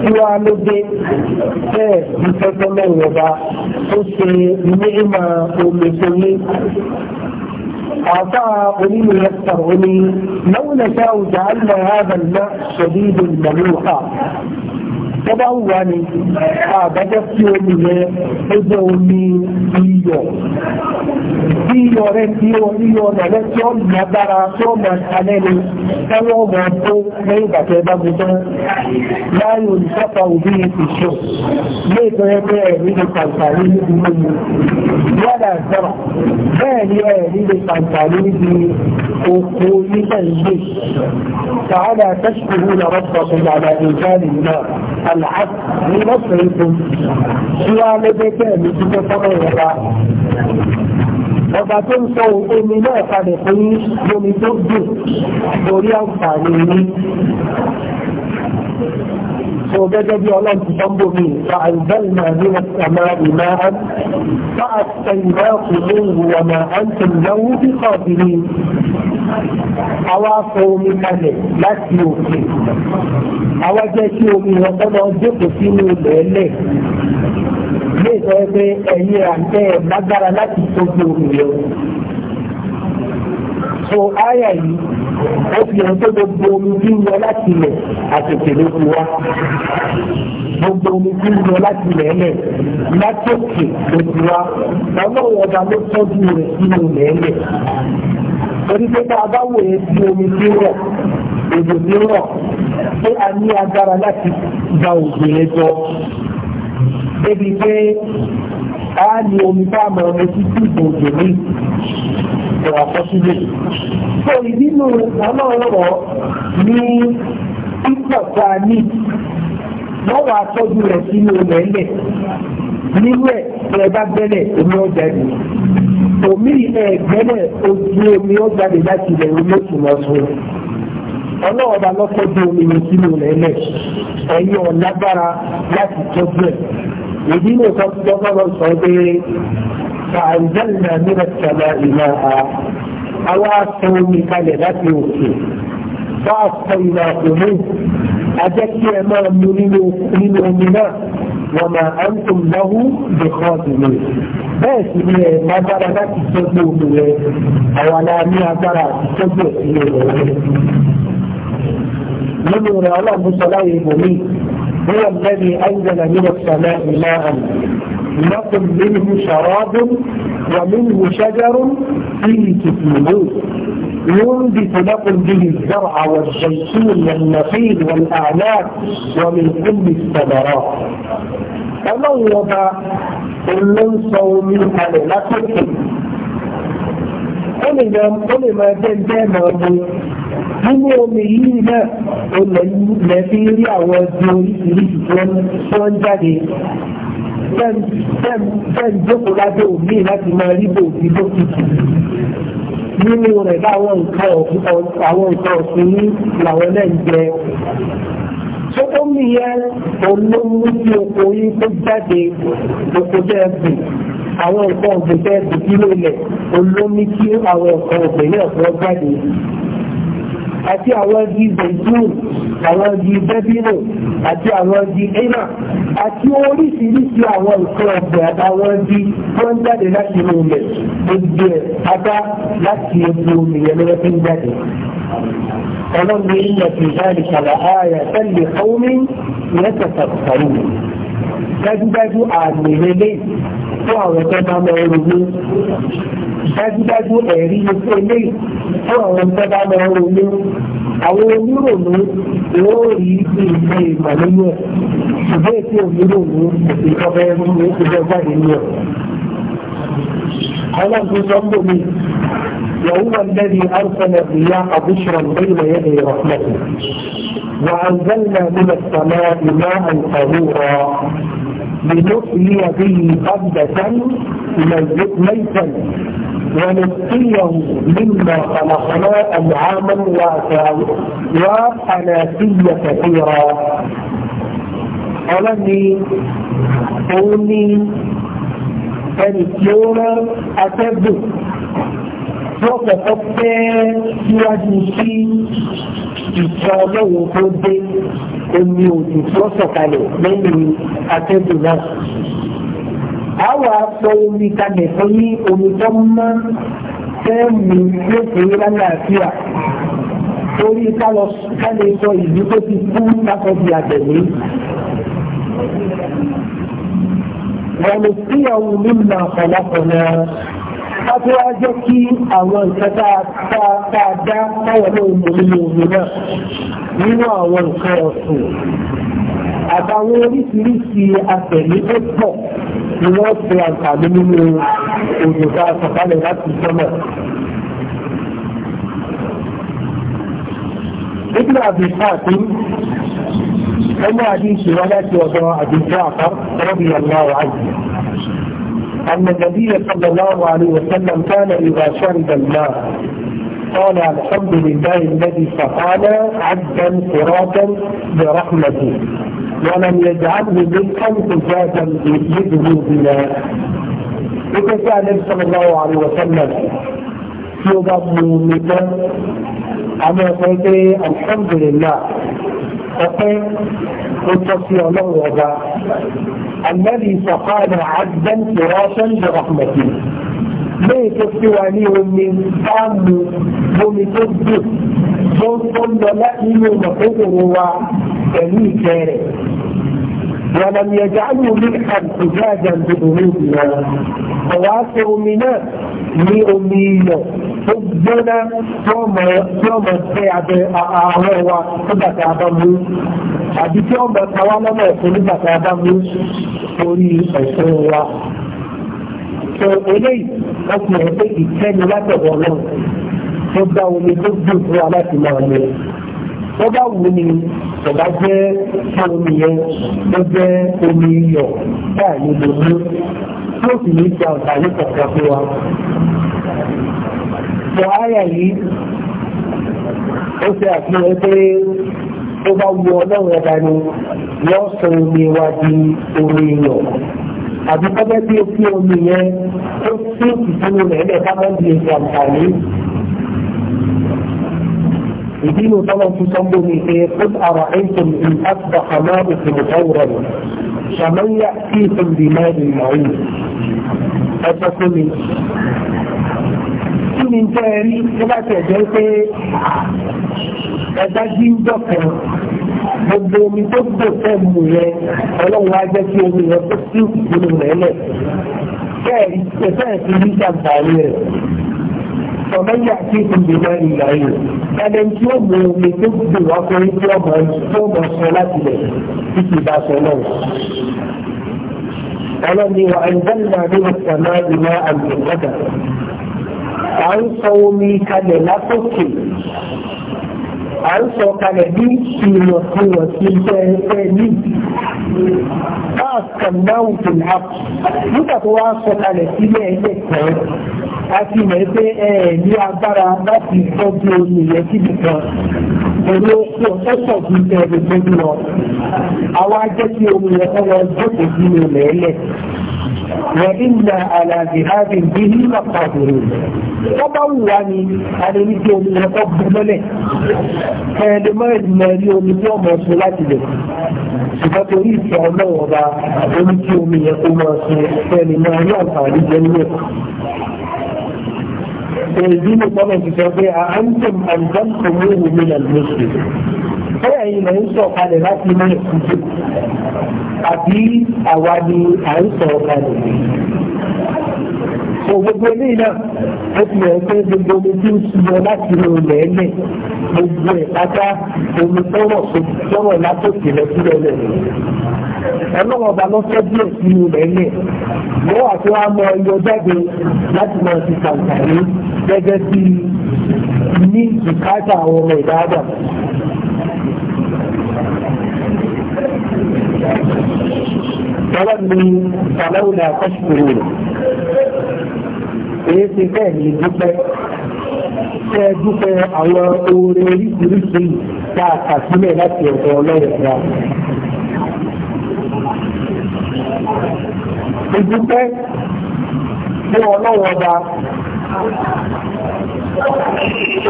tí wàá ló dé bẹ́ẹ̀ ní fẹ́fẹ́ mẹ́rin ọba ó ṣe ní ìmọ̀ omi tó ní. أعطاها قليل يكثر قليل لو نشاء جعلنا هذا الماء شديد الملوحة tó bá wù wá ní àbájá sí omi rẹ̀ ó jẹ́ omi iyọ̀ iyọ̀ rẹ̀ tí ó iyọ̀ rẹ̀ tí ó nà dára tí ó nà alẹ́ ni táwọn ọmọ tó lẹ́yìn ìbàtẹ́ bá gbogbo láàyè olùsọ́fà òbí ìṣó lé ìtọ́jẹ́ pé ẹ̀rí lè níbi mímu yálà ìjọba bẹ́ẹ̀ ni ẹ̀rí lè pàǹtàrí níbi oko nígbà ìgbé تعالى تشكرون ربكم على إنزال النار العبد لنصركم سوى لبكاء لكي تفرغ ọba tó ń sọ omi náà padà pé lómi tó dùn lórí àǹfààní yìí so gẹ́gẹ́ bí ọlọ́run ti sọ́n bómi fa àìbẹ́ẹ̀nà ní ọ̀sàmà ìmá án fa àtẹ̀yìnbá kò lóhùn wọ̀nà àǹtẹ̀yìnbá wúdí kọ̀ọ̀bìnrin àwa fọ omi kalẹ̀ láti òkè àwa jẹ́ kí omi wọn kọ́nà jókòó sínú ilẹ̀ ẹlẹ̀ lè sọ pé ẹ̀yin àǹtẹ̀ lágbára láti tóbi omi yẹn so àyà yìí ó fi hàn gbogbo omi tí ń láti ilẹ̀ gbogbo omi tí ń láti ilẹ̀ ẹlẹ̀ látòkè ló fi wá ọlọ́run ló torí pé bá a bá wò é sí omi tí ó rọ̀ òjò tí ó rọ̀ pé a ní agbára láti gba òjò yẹn jọ débi pé a ní omi bá a mọ omi títí ìbò òjò ní ìwà fọ́sílẹ̀. so ìdínú ọlọ́ọ̀rọ̀ ní pípọ̀ tá a ní wọ́n wàá tọ́jú rẹ̀ sínú ilẹ̀ ńlẹ̀ nínú ẹ̀ tẹ́ bá bẹ́lẹ̀ omi ọjà nìyẹn omi ẹ̀gbẹ́lẹ̀ ojú omi ó jáde láti ilẹ̀ omi ó sì lọ sùn ọlọ́wọ́ bá lọ́tọ́jú omi yẹn sínú rẹ̀ lẹ̀ ẹ̀yin ọ̀lágbára láti tọ́jú ẹ̀ ìdí ní ìtọ́ tí wọ́n lọ sọ pé fàǹdẹ́lìnà nílẹ̀ sàmà ìlà a àwa omi kalẹ̀ láti òkè bá ìlà وما أنتم له بخاتمين بس ما درجة تسجلوا إليه أو لا مئة درجة تسجلوا إليه الله صلى الله هو الذي أنزل من السماء ماء لكم منه شراب ومنه شجر فيه تسلمون ينبت لكم به الزرع والزيتون والنخيل والاعناب ومن كل الثمرات فمن وضع قل من صوم قل لكم قل ما دام دام ربي هم يوميين قل نفير وزير رجل وانجدي كان كان كان جوكو لا دومي لا تماري بو دي nínú rẹ̀ láwọn nǹkan ọ̀sìn ní làwọn náà ń tó ó yẹ olóńgbò tí oko yìí tó jáde oko jẹ́ ẹ̀sìn àwọn nǹkan ọ̀gbìn jẹ́ ẹ̀sìn sílé ilẹ̀ olómi tí àwọn nǹkan ọ̀gbìn náà fọ́ jáde àti àwọn igi zaitun àwọn igi bẹ́bínò àti àwọn igi ena àti oríṣiríṣi àwọn nǹkan ọ̀gbìn àtàwọn igi wọ́n jáde láti inú ilẹ̀ gbogbo ẹ̀ pátá láti epo omiyan lọ́wọ́ tó ń jáde. ọlọ́run ní ilẹ̀ fi jáde kàlà ààyè tẹ́lẹ̀ omi ìrẹ́sẹ̀sẹ̀ kàrú dájúdájú àmì lélẹ́yìn fún àwọn tó bá mọ dájúdájú ẹ̀rí iṣẹ́ ilé fún àwọn tó bá lọ ronú àwọn onírònú yóò rí ìgbé ìgbà nínú ẹ̀ ṣùgbọ́n ètò onírònú ìjọba ẹ̀rú ní ìjọba jáde nínú ẹ̀. ألم تظلمي وهو الذي أرسل الرياح بشرا بين يدي رحمته وأنزلنا من السماء ماء طهورا لنحيي به قبضة ميتا ونسقيه مما خلقنا أنعاما واسعا وحناسية كثيرا أولني أولي ẹnìkíọ́nà atẹ́gùn tí ó kẹ̀kọ́ pẹ́ ìtọ́ ọlọ́run tó dé omi òjò tó sọ̀kalẹ̀ lẹ́yìn atẹ́gùn náà. Àwọn apọ̀ omi kalẹ̀ fún ní omi tó mọ́ fẹ́ẹ̀mù lókèé lálàáfíà. Torí kálẹ̀ sọ ìlú tó ti kú lápọ̀ di àtẹ̀lé. Wọ́n lè sí àwọn mímọ̀ ọ̀pọ̀lọpọ̀ náà bá tó wá jẹ́ kí àwọn nǹkan tá a dá táwọn náà mọ̀ nínú omi náà nínú àwọn nǹkan ọ̀sùn àtàwọn oríṣiríṣi àtẹ̀lé tó pọ̀ ni wọ́n ṣe àǹfààní nínú òjòta àṣàkálẹ̀ láti sọ́nà. ابن أبي حاتم أما حديث ولا تعطى أبي جعفر رضي الله عنه أن النبي صلى الله عليه وسلم كان إذا شرب الماء قال الحمد لله الذي صفانا عبدا فرادا برحمته ولم يجعله ملكا فجادا بذنوبنا وكان النبي صلى الله عليه وسلم يضم مثل أما قلت الحمد لله ó tọ́ sí ọlọ́run ọba alẹ́lì sọ̀kánà àgbẹ̀n ìrọ́sán ìrọ̀kùnmọ̀tì lẹ́yìn tó fi wa ní omi táàmù omi tó dùn tó ń tó lọ láti inú ìmọ̀kókòrò wa pẹ̀lú ìfẹ́ rẹ̀ ولم يجعلوا ملحا حجاجا بذنوبنا وواسع منا لأمينا tó gbóná tí ó mọ̀ sí abẹ́ àwọn ẹ̀wà nígbàtà àbámú àbí tí ó mọ̀ tàwa lọ́mọ̀ ẹ̀kọ́ nígbàtà àbámú orí ẹ̀sẹ̀ wa. Sọ eléyìí wọ́n fi hàn pé ìkẹ́ni látọ̀dọ̀ náà tó dá omi tó dùn fún wa láti máa lọ tó bá wù ní ọ̀gá jẹ́ omi yẹn tó jẹ́ omi iyọ̀ báyìí lòdì tó sì ní í ṣe àǹfààní kọ̀ọ̀kan fún wa sọ áyà yìí ó ṣe àfihàn pé tó bá wù ọlọ́run ẹ̀dá ni yóò sọ omi wa di omi lọ àbí kọ́jẹ́ bí o fi omi yẹn ó sí ìsinmi rẹ̀ lẹ̀ ká máa ń di èso àǹfààní. ìdí inú tọ́lọ̀ tún sọ bó mi pé ó àrà ẹ̀sùn ní àtúbà àmọ́ òfin ìtọ́wúrọ̀ rẹ̀ ṣàmọ́yà sí ìfúnbí náà ìmọ̀ yìí. ẹ sọ fún mi ní jẹ́ ẹrí tó bá tẹ̀ jẹ́ pé ẹ̀dá jí ń dọ̀kan gbogbo omi tó gbò fẹ́ẹ̀mù rẹ ọlọ́run á jẹ́ kí omi rẹ kó sí ìpinnu rẹ lẹ̀ bẹ́ẹ̀ ìfẹ́ ti rí jàǹfààní rẹ̀ ọmọdé àti ìgbìmọ̀ ìgbà yìí ẹni tí ó mú omi tó gbò wá pé tí ọmọ tó mọ̀ sọ láti lẹ̀ tí kì í bá sọ náà. ọlọ́ni wa ẹ̀ńdẹ́nà ní ìsàmá ìmọ̀ àgbẹ̀gbẹ̀dà à ń sọ omi kalẹ̀ látòkè à ń sọ kalẹ̀ bí ìwọ̀síwọ̀sí fẹ́ẹ́fẹ́ ní káàkàndáhùn tó ní àpò nígbà tó wá sọ kalẹ̀ sílẹ̀ ẹgbẹ́ kan a ti mọ̀ pé ẹ ní agbára láti tọ́jú omi yẹn síbi kan pẹ̀lú oṣù ọ̀sẹ̀sọ̀ bí ẹ̀rọ gbogbo lọ àwọn ajẹ́ kí omi yẹn kọ́ lọ jókòó sínú ilẹ̀ ẹlẹ̀. وإنا على ذهاب به لقادرون طبعا أنا نجي من الأب ملك كان ما يجمعني من يوم وصلاتي لك سبطوري فعلا وضع ونجي من يقوم وصلاتي ما ينفع لجنة فيزيني طبعا تسابيع أنتم أنزلتموه من المسلم bẹ́ẹ̀ yìí lè ń sọ̀kalẹ̀ láti ilé ìkújù àbí àwa ni à ń sọ̀kalẹ̀. Sọ gbogbo eléyìí náà ó ti rẹ̀ pé gbogbo omi tí ń lọ láti inú ilẹ̀ ẹ̀lẹ̀ gbogbo ẹ̀ pátá omi tọ́rọ̀ tọ́rọ̀ látòkè lọ sílẹ̀ lẹ̀. Ọlọ́run ọba lọ fẹ́ díẹ̀ sínú ilẹ̀ ẹ̀lẹ̀ wọ́n wà tó wá mọ ẹyọ jáde láti máa fi kàǹkà ní gẹ́gẹ́ bí ní ìkáàtà àwọn ọmọ ìdáàbà. tọ́lọ́gbìn tọ́lọ́wùdà kọ́ṣùkúrú rẹ̀ èyí ti bẹ́ẹ̀ ní dúpẹ́ tẹ́ dúpẹ́ àwọn oore oríṣiríṣi tá a kà sílẹ̀ láti ọ̀dọ̀ ọlọ́run wa. ìdúpẹ́ fún ọlọ́run ọba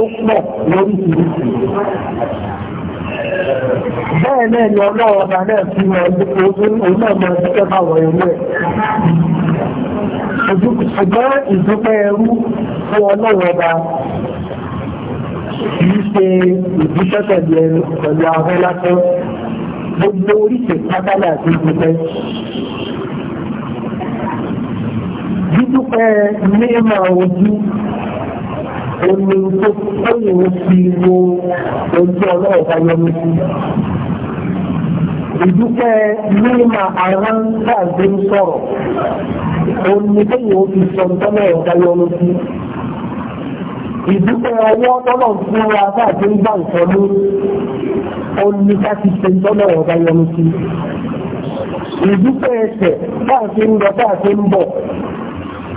ó pọ̀ lóríṣiríṣi. Bẹ́ẹ̀ náà ni ọlọ́wọ́ ọba náà fi ọdún náà mọ ìdúpẹ́ báwọ̀ ẹ̀rú ẹ̀. Ṣùgbọ́n ìdúpẹ́ ẹrú fún ọlọ́wọ́ ọba kìí ṣe ìdúpẹ́ pẹ̀lú pẹ̀lú ahọ́n lásán. Gbogbo oríṣi pátálà àti ìdúpẹ́. Dídúpẹ́ mímọ̀ ojú omi tó kóyìn fi wo ojú ọlọ́wọ́ bá yọ mí sí. Ìdúpẹ́ mímọ àwọn gbàgbé ń sọ̀rọ̀ omi kóyìn ó fi sọ tọ́lọ́wọ́ bá yọ mí sí. Ìdúpẹ́ ọwọ́ tọ́lọ̀ fún wa gbàgbé ń gbà nǹkan mú omi ká ti ṣe tọ́lọ́wọ́ bá yọ mí sí. Ìdúpẹ́ ẹsẹ̀ báà ṣe ń lọ báà ṣe ń bọ̀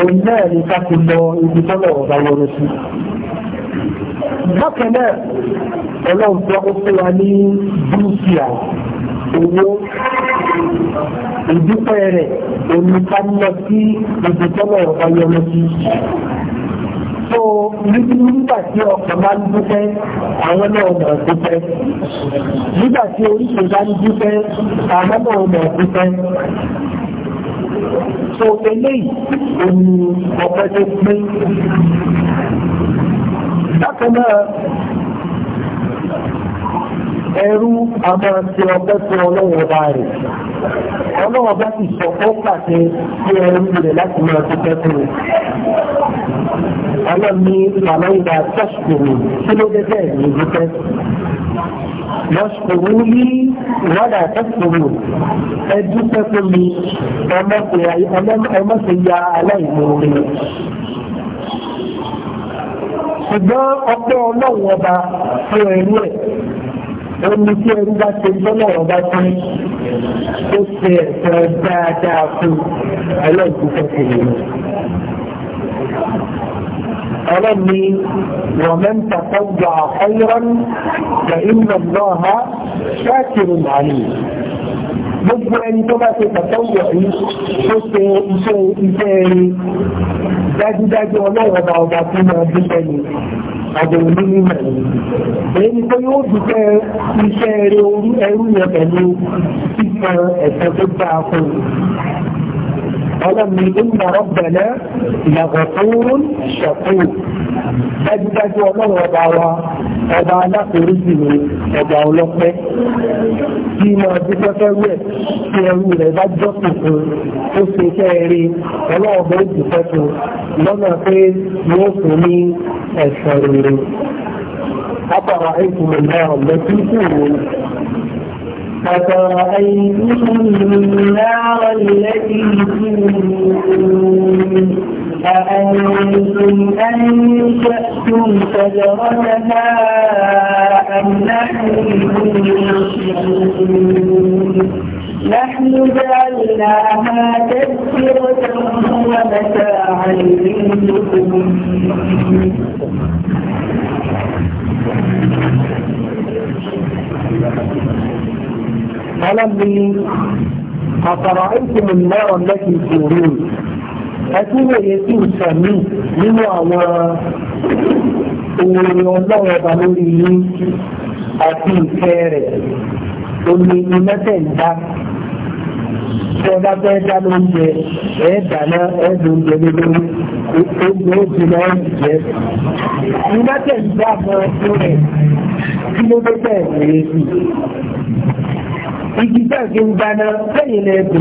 òun náà ni ká ti lọ ibi tọ́lọ́wọ́ bá yọ mí sí bákan náà ọlọ́run tó ó fún wa ní dúkìá owó ìdúpẹ́ rẹ̀ olùkánnà sí ìdúpẹ́lẹ̀ ọ̀yọ́mọ sí. So níbi nígbà tí ọkàn máa ń dúpẹ́, àwọn náà mọ̀ dúpẹ́. Nígbà tí oríṣi bá ń dúpẹ́, àwọn náà mọ̀ dúpẹ́. So eléyìí, òun ọ̀pẹ́ tó pín bákan náà ẹrú àmọ́ ṣe ọpẹ́ fún ọlọ́wọ́ ọba rẹ̀ ọlọ́wọ́ bá ti sọ ó pàṣẹ sí ẹrú rẹ̀ láti máa tó kẹ́kọ̀ọ́ rẹ̀ ọlọ́ni àlọ́ìdá tọ́ṣkòrò tí ló dé bẹ́ẹ̀ ní ìdúpẹ́ lọ́ṣkòrò ní ìwádà tọ́ṣkòrò ẹ dúpẹ́ mi ọmọ ṣùgbọ́n ọpẹ́ ọlọ́run ọba fún ẹrú ẹ̀ ẹni tí ẹrú bá ṣe lọ́nà ọba tí ó ṣe ẹ̀sẹ̀ dáadáa fún ẹlẹ́gbẹ̀ẹ́ tẹ̀lé ọlọ́ni wọ̀mẹ́n tàkọ́gbà ọ̀yọ́rán da iná lọ́ha ṣáàkiri màálù gbogbo ẹni tó bá ṣe tàkọ́gbà yìí tó ṣe iṣẹ́ iṣẹ́ rí dájúdájú ọlọ́wọ́ ọba ọba tó máa dúpẹ́ ni àbẹ̀wò ní mímọ̀ ni èyí tó yóò dúpẹ́ iṣẹ́ eré ẹrú yẹn pẹ̀lú sísan ẹ̀sẹ̀ tó bá a fún ọlọ́ni ìnà rọ́bẹ̀lẹ́ ìyàgọ̀fúrún ṣẹ̀kú ẹgbẹ́jú ọlọ́run ọba wa ọba aláforíjì ni ọba ọlọ́pẹ́ tí mo dúpẹ́ fẹ́rú ẹ̀ tí ẹrú rẹ̀ bá jọ́ tuntun ó ṣe kẹ́ẹ̀rí ọlọ́run bó dúpẹ́ lọ́nà pé yóò fún ní ẹ̀sán rere. Apàrà ìkùnmọ̀ náà lọ sí ìkùnmọ̀ أفرأيتم النار التي تنون أأنتم أنشأتم شجرتها أم نحن المنشئون نحن جعلناها تذكرة ومتاعا للمسلمين Thank you. ألم أفرأيتم النار التي تورون أكون يتيم سمي من الله òòrùn ọlọ́run ọba lórí yín àti ìfẹ́ rẹ̀ omi ìmẹ́tẹ̀ ń dá tí ọba fẹ́ dá lóúnjẹ ẹ̀ dáná ẹ̀ lóúnjẹ lé lórí oúnjẹ ó jìnà ẹ̀ jẹ́ ìmẹ́tẹ̀ ń dá mọ́ ọdún rẹ̀ kí ló dé bẹ́ẹ̀ lè rí igi bẹ́ẹ̀ fi ń dáná lẹ́yìn lè dé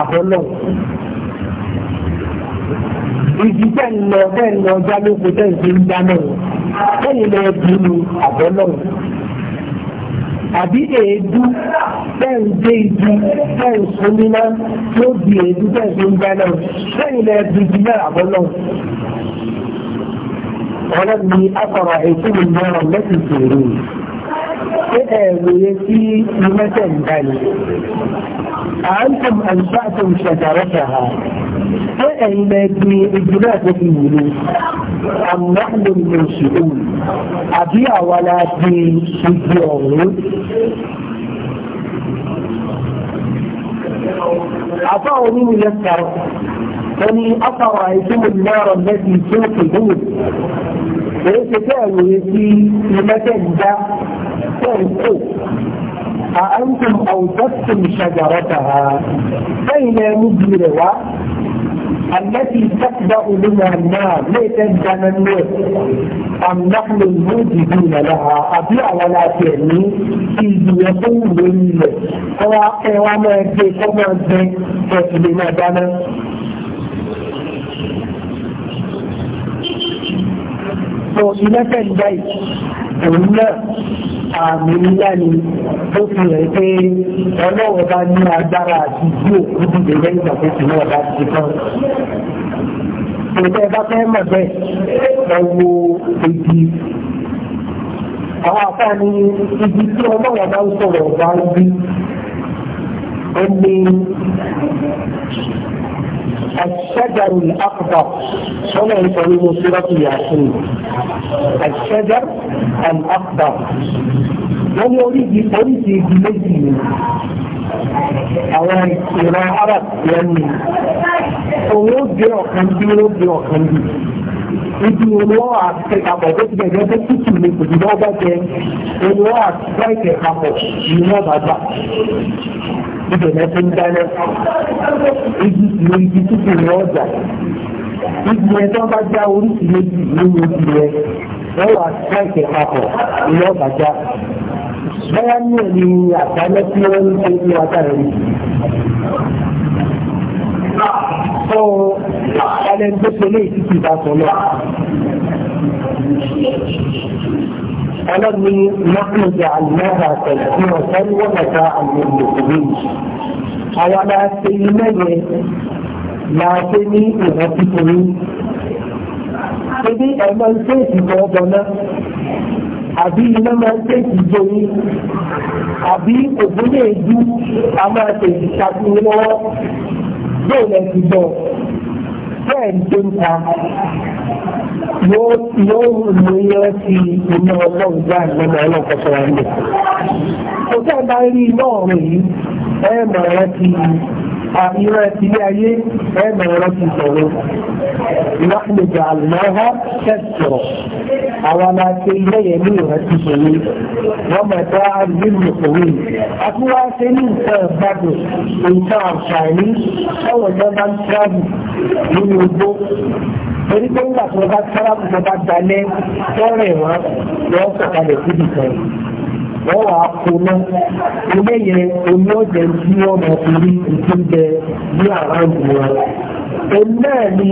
àfọlọ́ igi bẹ́ẹ̀ ń lọ bẹ́ẹ̀ ń lọ jálógun bẹ́ẹ̀ fi ń dáná lẹ́yìn lè dé lu àfọlọ́ àbí èédú bẹ́ẹ̀ ń dé ibi bẹ́ẹ̀ ń sunmíná tó di èédú bẹ́ẹ̀ fi ń dáná lẹ́yìn lè dé ibi náà àfọlọ́. ولم أقرأ إيكم النار التي تريد pé ẹ̀wòye sí mẹ́tẹ̀ ìbálẹ̀. À ń tàn àǹfà tó ń ṣàtàrà ṣàhà. Pé ẹ̀yìn mẹ́gbin igi náà tó fi wùlú. Àmọ́ ló ń lè ṣùgbọ́n. Àbí àwa la di igi ọ̀hún. Àfáwọn onímọ̀ yẹn kàrọ̀. فني أفرأيتم النار التي توقدون فإيش تاوي في المكان ده تنقو أأنتم أوجدتم شجرتها أين مدمرها التي تقدأ منها النار ليس كان النار أم نحن الموجدين لها أبيع ولا تعني إذ يقول لي وما يجي كما فلما دانا sọ iná tẹ̀lé òun àmì ńlá ni ó fi rẹ̀ pé ọlọ́wọ́ ní agbára àti bí òkú dìde lẹ́yìn ìgbàkókò الشجر الأخضر هنا يسميه سورة ياسين الشجر الأخضر wọ́n ní oríṣi oríṣi igi méjì ni àwọn ìran arab yẹn ni òun ó gbé ọ̀kan bí ó gbé ọ̀kan bí ibi ni wọ́n wà kẹkàpọ̀ tó ti gẹ̀gẹ́ tó tútù ní kò jùlọ bá jẹ ni wọ́n wà gbọ́ ìkẹkàpọ̀ ni wọ́n bá gbà. Ibẹ̀ náà ti ń dáná. Ibi ni ibi tútù ni wọ́n jà. Ibi yẹn tó bá já oríṣi méjì nínú ibi yẹn. Wọ́n wà gbọ́ ìkẹkàpọ̀ ni wọ́n bá já. Báyá ní ẹ̀mí àtàlẹ́ tí wọ́n ń ṣe ní wákàtí tó ẹlẹ́ni tó ṣe lé ìtìtì ìbátan náà. Ọlọ́run ni Mọ́tò jẹ́ àlùmọ́ra pẹ̀lú ìwọ̀n sẹ́ni wọ́n mẹ́ta àwọn olùkùnrin. Àwọn máa ṣe iná yẹn máa ṣe ní ìwọ̀n kíkùnrin. Ebi ẹ̀mọ́ ṣé ìdìbò bẹ́ẹ̀ lẹ ti bọ̀ bẹ́ẹ̀ tó ń ta yóò mú yẹn ti inú ọlọ́run gbá ìgbẹ́mọ ọlọ́kọ̀ sọ̀rọ̀ ń bẹ̀. kò sẹ́ẹ̀ bá rí iná ọ̀rọ̀ yìí ẹ̀ mọ̀ ẹ́ ti àmìrán ìtìlé ayé ẹ̀mọ̀ ẹ̀rọ ti sọ̀rọ̀ ìwákùnlẹ̀jà àlùmọ́ha tẹ̀sọ̀rọ̀ àwọn aṣe ilé yẹn ní ìrẹ́ ti sọ̀rọ̀ wọ́n mọ̀ ẹ̀dá nínú òwe àtúwá ṣe ní nǹkan ìgbàgbọ́ nǹkan àǹfààní ọ̀wọ̀ jẹ́ máa ń tíráàbù nínú igbó torí pé nígbà tí bá tíráàbù tó bá dalẹ̀ tọ́rẹ̀ wọn lọ́ọ́ sọ̀kalẹ̀ síbi kan wọ́n wà á omi ọ̀jẹ̀ tí wọ́n mọ̀ fi rí ìtúndẹ ní àrántí wọn. Ẹ̀mẹ́ ni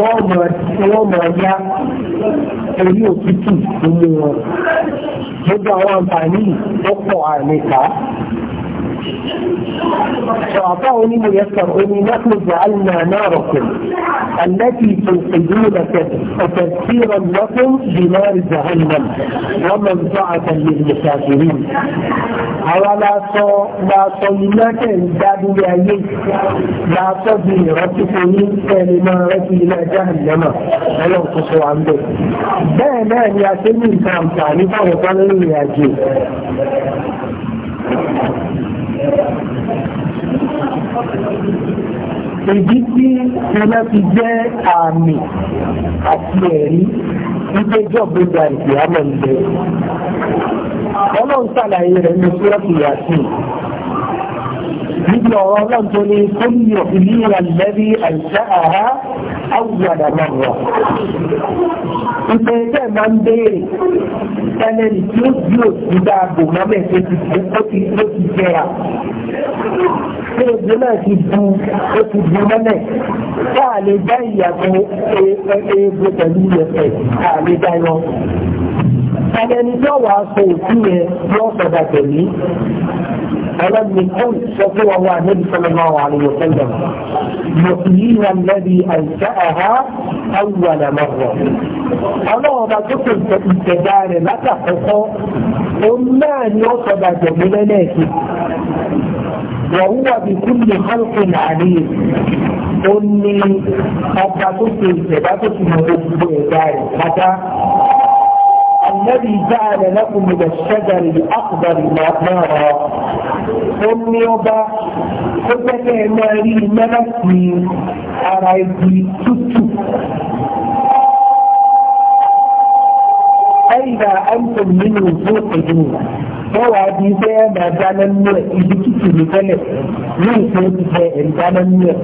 wọ́n mọ̀ ya orí òtútù nínú wọn. Gbogbo àwọn àǹfààní ọ̀pọ̀ àìníkà. فأعطاني ويسرني نحن جعلنا ناركم التي توقدون تذكيرا لكم بنار جهنم ومنفعة للمسافرين أولا سو لا صلمة داد يعيك لا صدي رتكني كلمة إلى جهنم ولو قصوا عن ذلك بانا يعتني كامتاني يا يعجيك Èdí tí iná ti jẹ́ àmì àti ẹ̀rí wípé jọ́gbé gba ìgbé àmọ̀ ìgbẹ́. Ọlọ́run sàlàyé rẹ̀ ní Súrọ́tù Yàtì. níbi ọ̀rọ̀ ọlọ́run tó ní kólí òfìlí ìrànlẹ́bí àìsá àrá àwùjọ àdàmọ̀rọ̀. Ìpẹ̀lẹ̀ tẹ́ máa ń béèrè tẹ́lẹ̀rì tí ó bí òsì dáàbò mọ́mẹ́ tó ti ó ti ó ti jẹrà. Ṣé ojú náà ti bu ó ti bu mọ́mẹ́? Káà lè dá ìyàtọ̀ eégbo e, e, pẹ̀lú ìyẹ̀fẹ̀ káà lè dá yọ. Ẹni tó wàá sọ òkú yẹn yóò tẹ̀lé. Ẹlẹ́ni kọ́ sọ fún وهو النبي صلى الله عليه وسلم يحييها الذي أنشأها أول مرة الله ما ذكر التجارة لك حقوق أما أن يصب جملناك وهو بكل خلق عليم أني كنت التبعثت من الدار حتى الذي جعل لكم من الشجر الأخضر نارا omi ọba ó tẹ́tẹ́ máa rí iná láti ara ibi tútù. أين أنتم منه فوقدون mẹ́wàá di iṣẹ́ máa dáná nínú ẹ̀ ibi kìkì ní tẹ́lẹ̀ ní ìpín ìṣe ẹ̀rí dáná nínú ẹ̀.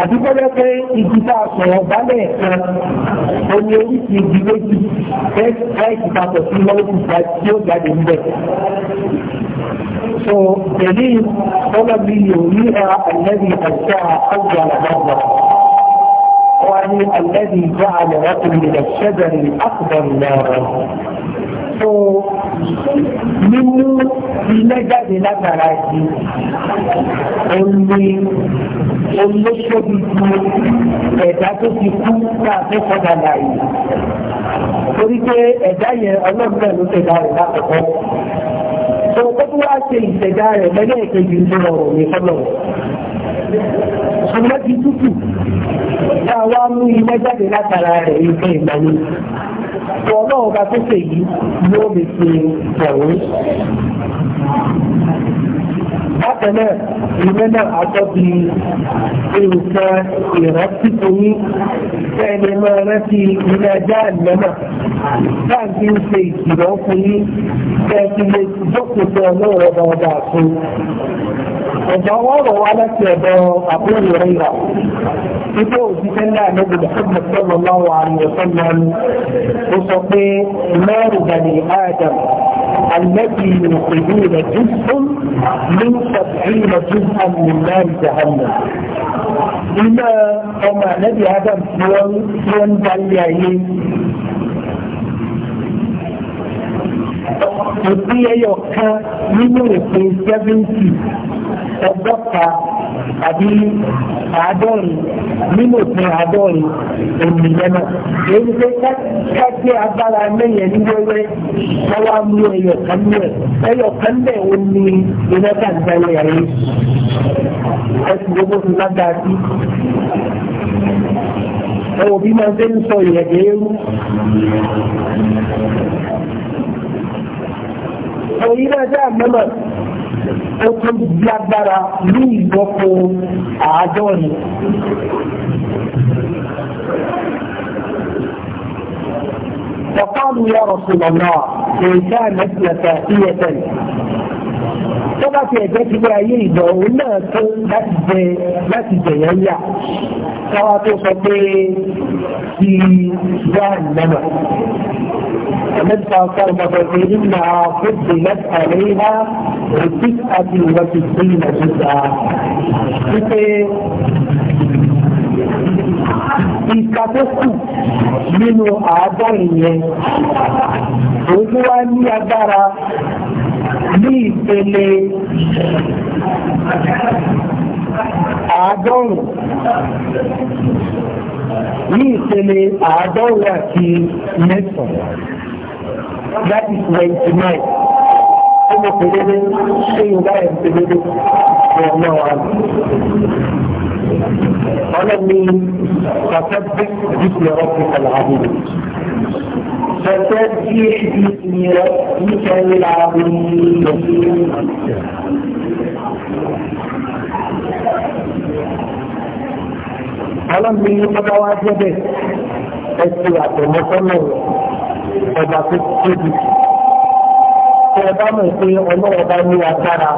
àti tẹ́lẹ̀ pé igi tá a sọ̀rọ̀ bálẹ̀ kan omi oríṣi igi méjì fẹ́ẹ̀kì papọ̀ sí lọ́wọ́sì tí ó jáde níbẹ̀. so èyí tọ́lọ́ mi yóò ní ẹ̀rọ àlẹ́bí àti àkọ́jọ àlàbàbà وعن الذي جعل لكم من الشجر الأخضر نارا. So, mímú ilé jáde látara ẹ̀sì omi olóṣèlú ẹ̀dá tó ti kú káàfẹ́ kọ́dà láàyè torí pé ẹ̀dá yẹn ọlọ́gbẹ́ ló ti dá rẹ̀ lákọ̀ọ́kọ́ tó o tó wá ṣe ìṣẹ̀dá rẹ̀ lẹ́yìn èkejì ń bọ̀ ọ̀rọ̀ mi fọ́lọ̀ ṣùgbọ́n ti tútù káwa mú iná jáde látara rẹ̀ nǹkan ìgbàlè ọ̀nà ọba tó ṣèyí ló lè ṣe ọ̀hún bákan náà ìwé náà àtọ́bi nǹkan ìrántí torí fẹ́ẹ̀ni máa rántí ilé ajá àlẹ́mà báńkì ń ṣe ìkìlọ̀ fún yín fẹ́ẹ̀kì lè jókòó tẹ ọlọ́rọ̀ ọba ọba àtún ọ̀dọ̀ ọ̀rọ̀ wa láti ọ̀dọ̀ àbúrò ìrìnà títí òṣìṣẹ́ ńlá àlejò lọ́sọ̀dọ̀ sọ̀rọ̀ láwọn àrùn سبعين جزءا من نار جهنم إما أما نبي آدم سوان سوان باليعين Ìpínyẹ yọ̀ká nínú ìpín 70 ọgọ́ta àbí àádọ́rin nínú òfin àádọ́rin ènìyàn náà èyí pé kájẹ́ agbára mẹ́yẹn ní wẹ́wẹ́ lọ́wọ́ mú ẹyọ kan mú ẹ ẹyọ kan bẹ́ẹ̀ ó ní iná kàńtà ẹ̀rí ẹ̀sìn gbogbo fún lágbára sí ẹwọ bí máa ṣe ń sọ ìrẹ̀dẹ̀ eérú orí jẹ́ àmọ́mọ́ ní فقالوا يا رسول الله إن كانت لكافية tó bá ti ẹ̀jẹ̀ ti lé ayé ìdọ̀ òun náà tó láti jẹ láti jẹ̀yàn yà káwá tó sọ pé ti wá ìlànà. النبي صلى الله عليه وسلم إنها فضلت عليها بالتسعة وتسعين جزءا ìka tó kù nínú àádọ́rin yẹn òun tó wá ní agbára ní ìpele àádọ́rùn ní ìpele àádọ́rùn àti mẹ́sàn-án that is twenty nine ó mọ̀ pé dédé ṣé yorùbá ẹ̀ ń pè dédé ọ̀nà ọ̀hún ọlọ́run ní pàtàkì bíbí ọ̀rọ̀ fi kọ̀lọ̀ àbúrò. فسبح باسم ربك العظيم Àwọn mi ní ọba wá jẹ́bẹ̀ ẹ̀sì àtẹ̀mọ́sọ́nà ọba tó tóbi. Ṣé mọ̀ pé ọlọ́wọ́ bá ní agbára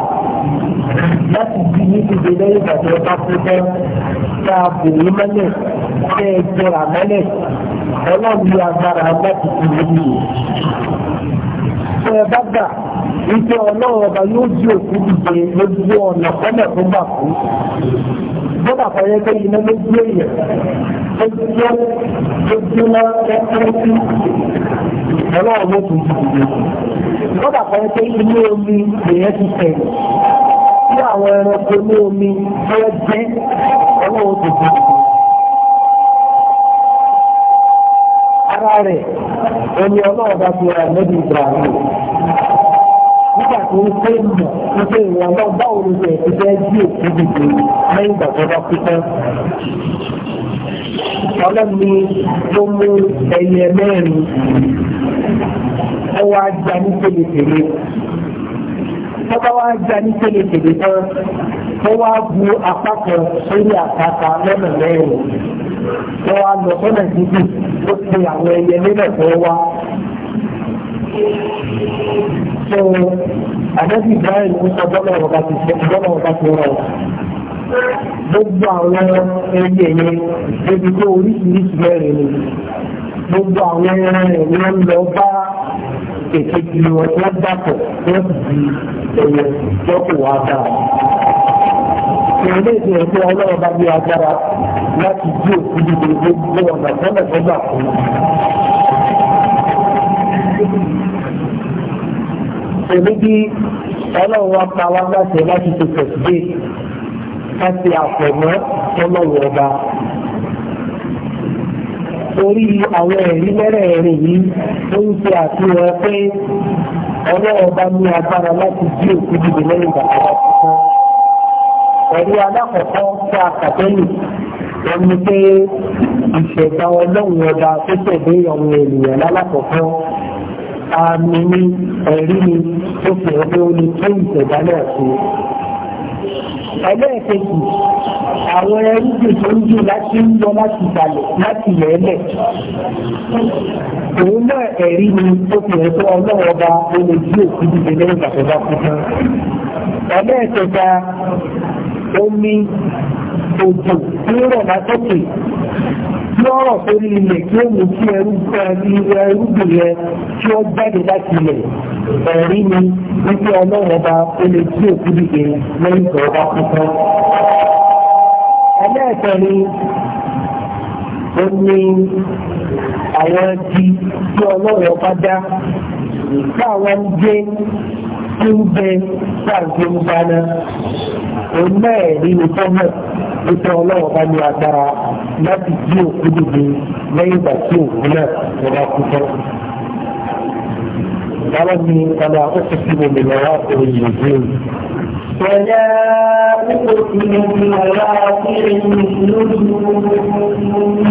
láti fi ní ìdíje lẹ́yìn ìgbà tí wọ́n bá kú tán tá a bò ní mọ́lẹ̀ tẹ́ ẹ jẹrà mọ́lẹ̀ ọlọ́run ní agbára láti fi ní ìlú. Ṣé ẹ bá gbà wípé ọlọ́run ọba yóò jí òkú dìde lójú ọ̀nà pẹ́lẹ̀ tó gbà kú? Bọ́dà fẹ́rẹ́ pé iná ló gbé èèyàn tó jẹ́ tó jóná kẹ́kẹ́ sí ọlọ́run ló tún ti dìde. Bọ́dà fẹ́rẹ́ pé ilé omi lèyẹn ti tẹ̀lé àwọn ẹranko ní omi fẹ́ jẹ́ ọlọ́run tuntun. ara rẹ̀ ẹni ọlọ́run bá fi ra lẹ́bi Ibrahim nígbà tó ń pè mọ̀ nígbà ìwọ̀n náà báwo ni rẹ̀ ti fẹ́ jí òkú dìde lẹ́yìn ìgbà tó bá kú tán. ọlọ́ni tó mú ẹyẹ mẹ́rin ó wá já ní pélépélé tó bá wá já ní kélékèlé tán tó wá bu àpapọ̀ sórí àpáta lọ́nà mẹ́rin tó wá lọ sọ́nà títì tó pe àwọn ẹyẹ nílẹ̀ tó wá. so àdébí Ibrahim ń sọ bọ́lá ọ̀gá ti ṣe bọ́lá ọ̀gá ti rọ̀ gbogbo àwọn ẹyẹ yẹn ebi tó oríṣiríṣi mẹ́rin ni gbogbo àwọn ẹran ẹ̀yẹ ń lọ bá èkejì wọn tí wọ́n dàpọ̀ wọ́n di ẹ̀yẹ ìjọ́kù wá dà. ìrìnlẹ̀ èdè ẹ̀kọ́ ọlọ́run bá ní agbára láti jí òkú níbi gbogbo ọ̀nà tọ́lọ̀tọ́lọ̀ fún Èmi bí ọlọ́run wa pa wá láti láti ṣe tẹ̀sídé láti àfọ̀mọ́ ọlọ́run ọba torí àwọn ẹ̀rí mẹ́rẹ̀ẹ̀rin yìí ló ń ṣe àfihàn pé ọlọ́run bá ní agbára láti jí òkú dìde lẹ́yìn bàbá tuntun. ẹ̀rí alákọ̀ọ́kọ́ tá a kàtẹ́lì wọ́n ní pé ìṣẹ̀dá ọlọ́run ọba tó tẹ̀lé àwọn ènìyàn lálákọ̀ọ́kọ́ àmì ní ẹ̀rí ni tó fi ọdún ní tó ìṣẹ̀dá náà ṣe ẹlẹ́ẹ̀kejì àwọn ẹrúgbìn tó ń jù láti ń lọ láti balẹ̀ láti lẹ́ẹ̀lẹ̀ òun náà ẹ̀rí ni ó fi hàn pé ọlọ́run ọba olè tí òkú dìde lẹ́yìn ìgbà tó bá kú ẹlẹ́ẹ̀kẹta omi òjò tí ó rọ̀ látọ́kè tí ọ̀rọ̀ tó ní ilẹ̀ tí ó mú kí ẹrú ẹrúgbìn yẹn tí ó jáde láti ilẹ̀ ẹ̀rí ni wípé ọlọ́run ọba ó lè tí òkú dìde lẹ́yìn tó ọba kúkọ́. ẹlẹ́ẹ̀kẹ́ ni ó ní àwọn ti tí ọlọ́run ọba dá táwọn jẹ́ tí ń bẹ sáàkì ń bá náà. òun náà ẹ̀rí ni tọ́lọ̀ nípa ọlọ́run ọba ní agbára láti jí òkú dìde lẹ́yìn ìgbà tí òkú náà tó bá kú tán. Báwo ni ọ̀nà àkókò sí omi lọ́wọ́ òun yìí dé? Wọ́lá ó kò sí omi lọ́wọ́ òun yìí dé.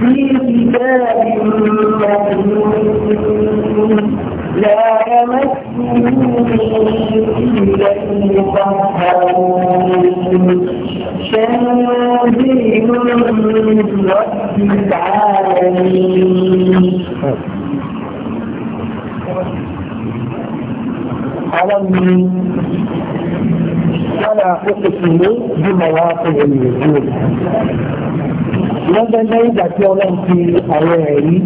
في كتاب مكنون لا يمسه إلا المطهرون تنزيل من رب العالمين فلا أقسم بمواقع النجوم lọ́jọ́ lẹ́yìn ìgbà tí ọlọ́run fi àwọn ẹ̀rí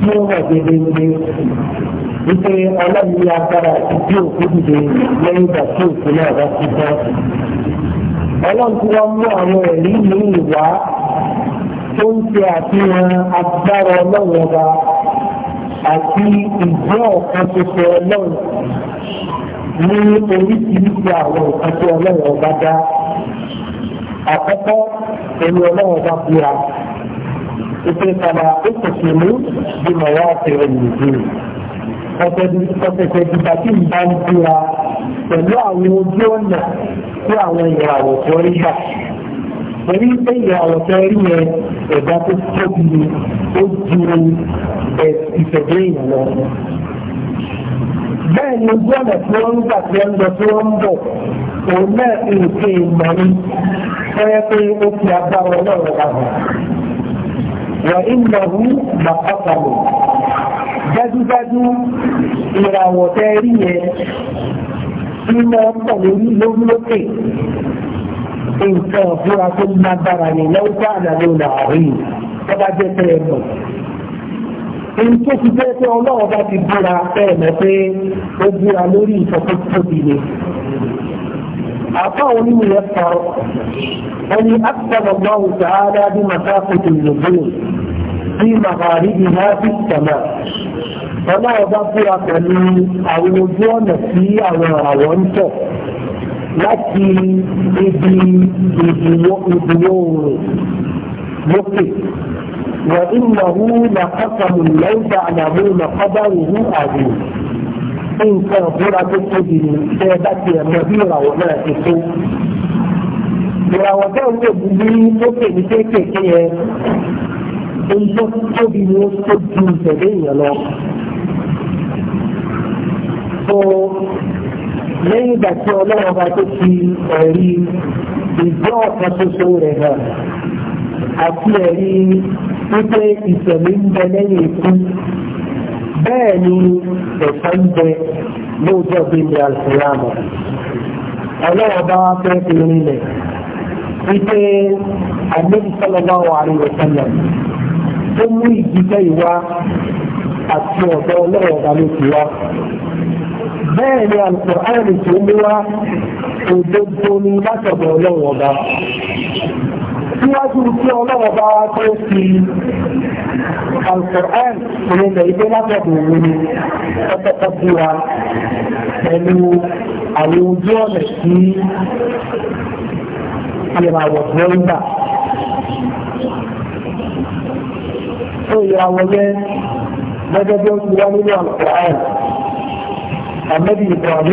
tí ó hàn gbẹgbẹgbẹ wípé ọlọ́run ní agbára àti bí òkú dìde lẹ́yìn ìgbà tí òkú náà bá ti tán. ọlọ́run tí wọ́n mú àwọn ẹ̀rí ní ìwá tó ń ṣe àfihàn agbára ọlọ́run ọba àti ìjọ ọ̀kan tuntun ọlọ́run ní oríṣiríṣi àwọn nǹkan tí ọlọ́run ọba dá àkọ́kọ́ ẹni ọlọ́run ọba búra ìpè kàlà ìpèsè mú bí màá fèrè nìyí ọ̀sẹ̀sẹ̀ ìgbà tí ń bá ń búra pẹ̀lú àwọn ojú ọ̀nà sí àwọn ìràwọ̀ tó rí gbà pẹ̀lú pé ìràwọ̀ tó rí yẹn ẹ̀dá tó tóbi ó ju ìfẹ̀dé ìrànlọ́wọ́ bẹ́ẹ̀ ni ojú ọ̀nà tí wọ́n ń gbà tí wọ́n ń lọ tí wọ́n ń bọ̀ òun náà ti ń ṣe ìmọ̀ ni fẹ́rẹ́ pé ó fi agbára ọlọ́run ra hàn. wà ìmọ̀ wú làpapàlọ̀ dájúdájú ìràwọ̀ tẹ́ rí yẹn tí máa ń pọ̀ lórí lókè nǹkan ìfúra tó lágbára ni lọ́wọ́ bá àlàyé làárín tó bá tẹ́ ẹ mọ̀ ẹni tó fi jẹ́ pé ọlọ́wọ́ bá ti búra bẹ́ẹ̀ mọ̀ pé ó búra lórí ìfọ̀kọ́ tóbi ni. àfáwọn onímọ̀ yẹn sọ ẹni akẹ́kọ̀ọ́ gbọ́hùn sàádá bí màtáfíìtì nìbú bí màhàrí ìhàbí sàmà ọlọ́wọ́ bá búra pẹ̀lú àwọn ojú ọ̀nà sí àwọn àwọ̀ ń tọ̀ láti ibi ìdìwọ̀ oòrùn lókè. وإنه لقسم لو تعلمون قدره عظيم nǹkan ìbúra tó tóbi ní ṣe bá ti ẹ̀mọ́ bí ìràwọ̀ náà ti tó. ìràwọ̀ náà lè bu ní lókè ní kéékèèké yẹn ohun tó tóbi ní ó tó ju ìtẹ̀lé èèyàn lọ. tó lẹ́yìn ìgbà tí ọlọ́run bá tó fi ẹ̀rí ìjọ ọ̀kan ṣoṣo rẹ̀ hàn àti ẹ̀rí wípé ìṣẹ̀lẹ̀ ń bẹ lẹ́yìn ikú bẹ́ẹ̀ ni ẹ̀fọ́ ń bẹ lóòjọ́ gbẹ̀gbẹ̀ àlùfáàmù ọlọ́wọ́ bá wá fẹ́ fi rinlẹ̀ wípé àgbẹ̀bí sọ́lọ́bà wà ní ìwọ̀sánlẹ̀ tó mú ìjíṣẹ́ ìwá àti ọ̀dọ́ ọlọ́wọ́ bá ló ti wá bẹ́ẹ̀ ni àlùfáàmù tó mú wá òdodo ni látọ̀dọ̀ ọlọ́wọ́ bá síwájú tí ọlọ́wọ́ bá wá tó fi alkùnrin ìrìn ilẹ̀ ìgbé látọ̀dọ̀ òun ni ọ̀pọ̀pọ̀ sí wa pẹ̀lú àwọn ojú ọ̀nà sí ìràwọ̀ tó ń gbà. Ó ìràwọ̀ yẹn gẹ́gẹ́ bí ó ti wá nínú alkùnrin àmẹ́bí ìtàn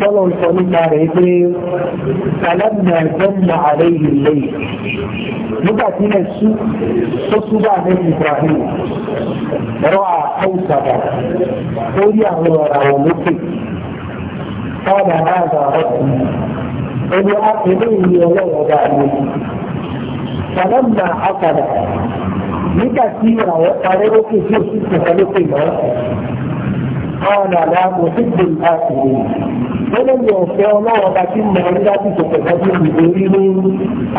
صلى الله عليه وسلم فلما جل عليه الليل نبعت هنا السوء تصوى بعد ابن ابراهيم روعة حوصة قول يا هو روالك قال هذا ربي قل أقلوني ولا يدعني فلما أقل نبعت هنا وقال روكي في السوء ọ̀nà àdáàbò síbi àkùrù lẹ́lẹ́bí ọ̀fẹ́ ọlọ́wọ́ bá ti mọ̀ ní láti tòkè tọ́jú ìgbérí ní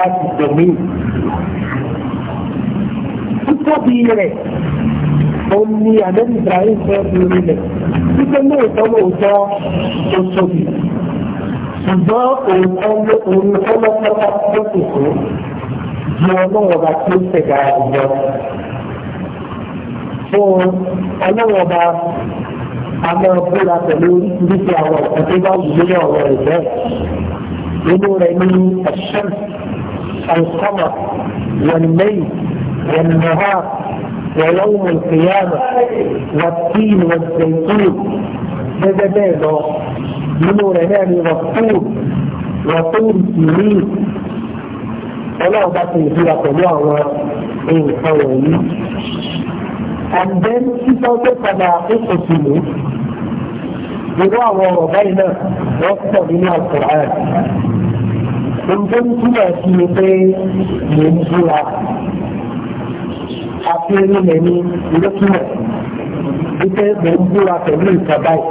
àtìkò mi. Títóbi rẹ̀ ó ní àdẹ́bí Ibrahim fẹ́ fi rinlẹ̀ títí lóòótọ́ lóòótọ́ tó tóbi. Ṣùgbọ́n òótọ́ òótọ́ lọ́pọ́tà tó tòkó ju ọlọ́wọ́ bá tó ṣẹ̀dá ìjọ. Fún ọlọ́wọ́ bá a máa búra pẹ̀lú oríṣiríṣi àwọn ọ̀sán tó bá wù lórí ọ̀rọ̀ rẹ̀ bẹ́ẹ̀. Inú rẹ̀ ní ẹ̀ṣẹ́m, àìsàmà, wọ̀nìmẹ́yì, wọ̀nìmọ̀há, ويوم القيامة والتين والزيتون هذا بابا من رنان والطور وطور سنين ọlọ́run bá ti ìfura pẹ̀lú àwọn nǹkan wọ̀nyí. and then títọ́ tó padà ó kò sí lò الجواب وربينا وقت بناء القرآن انتم سياسيتين من جواب حقيني مني لكنا إذا من جواب تبين تبين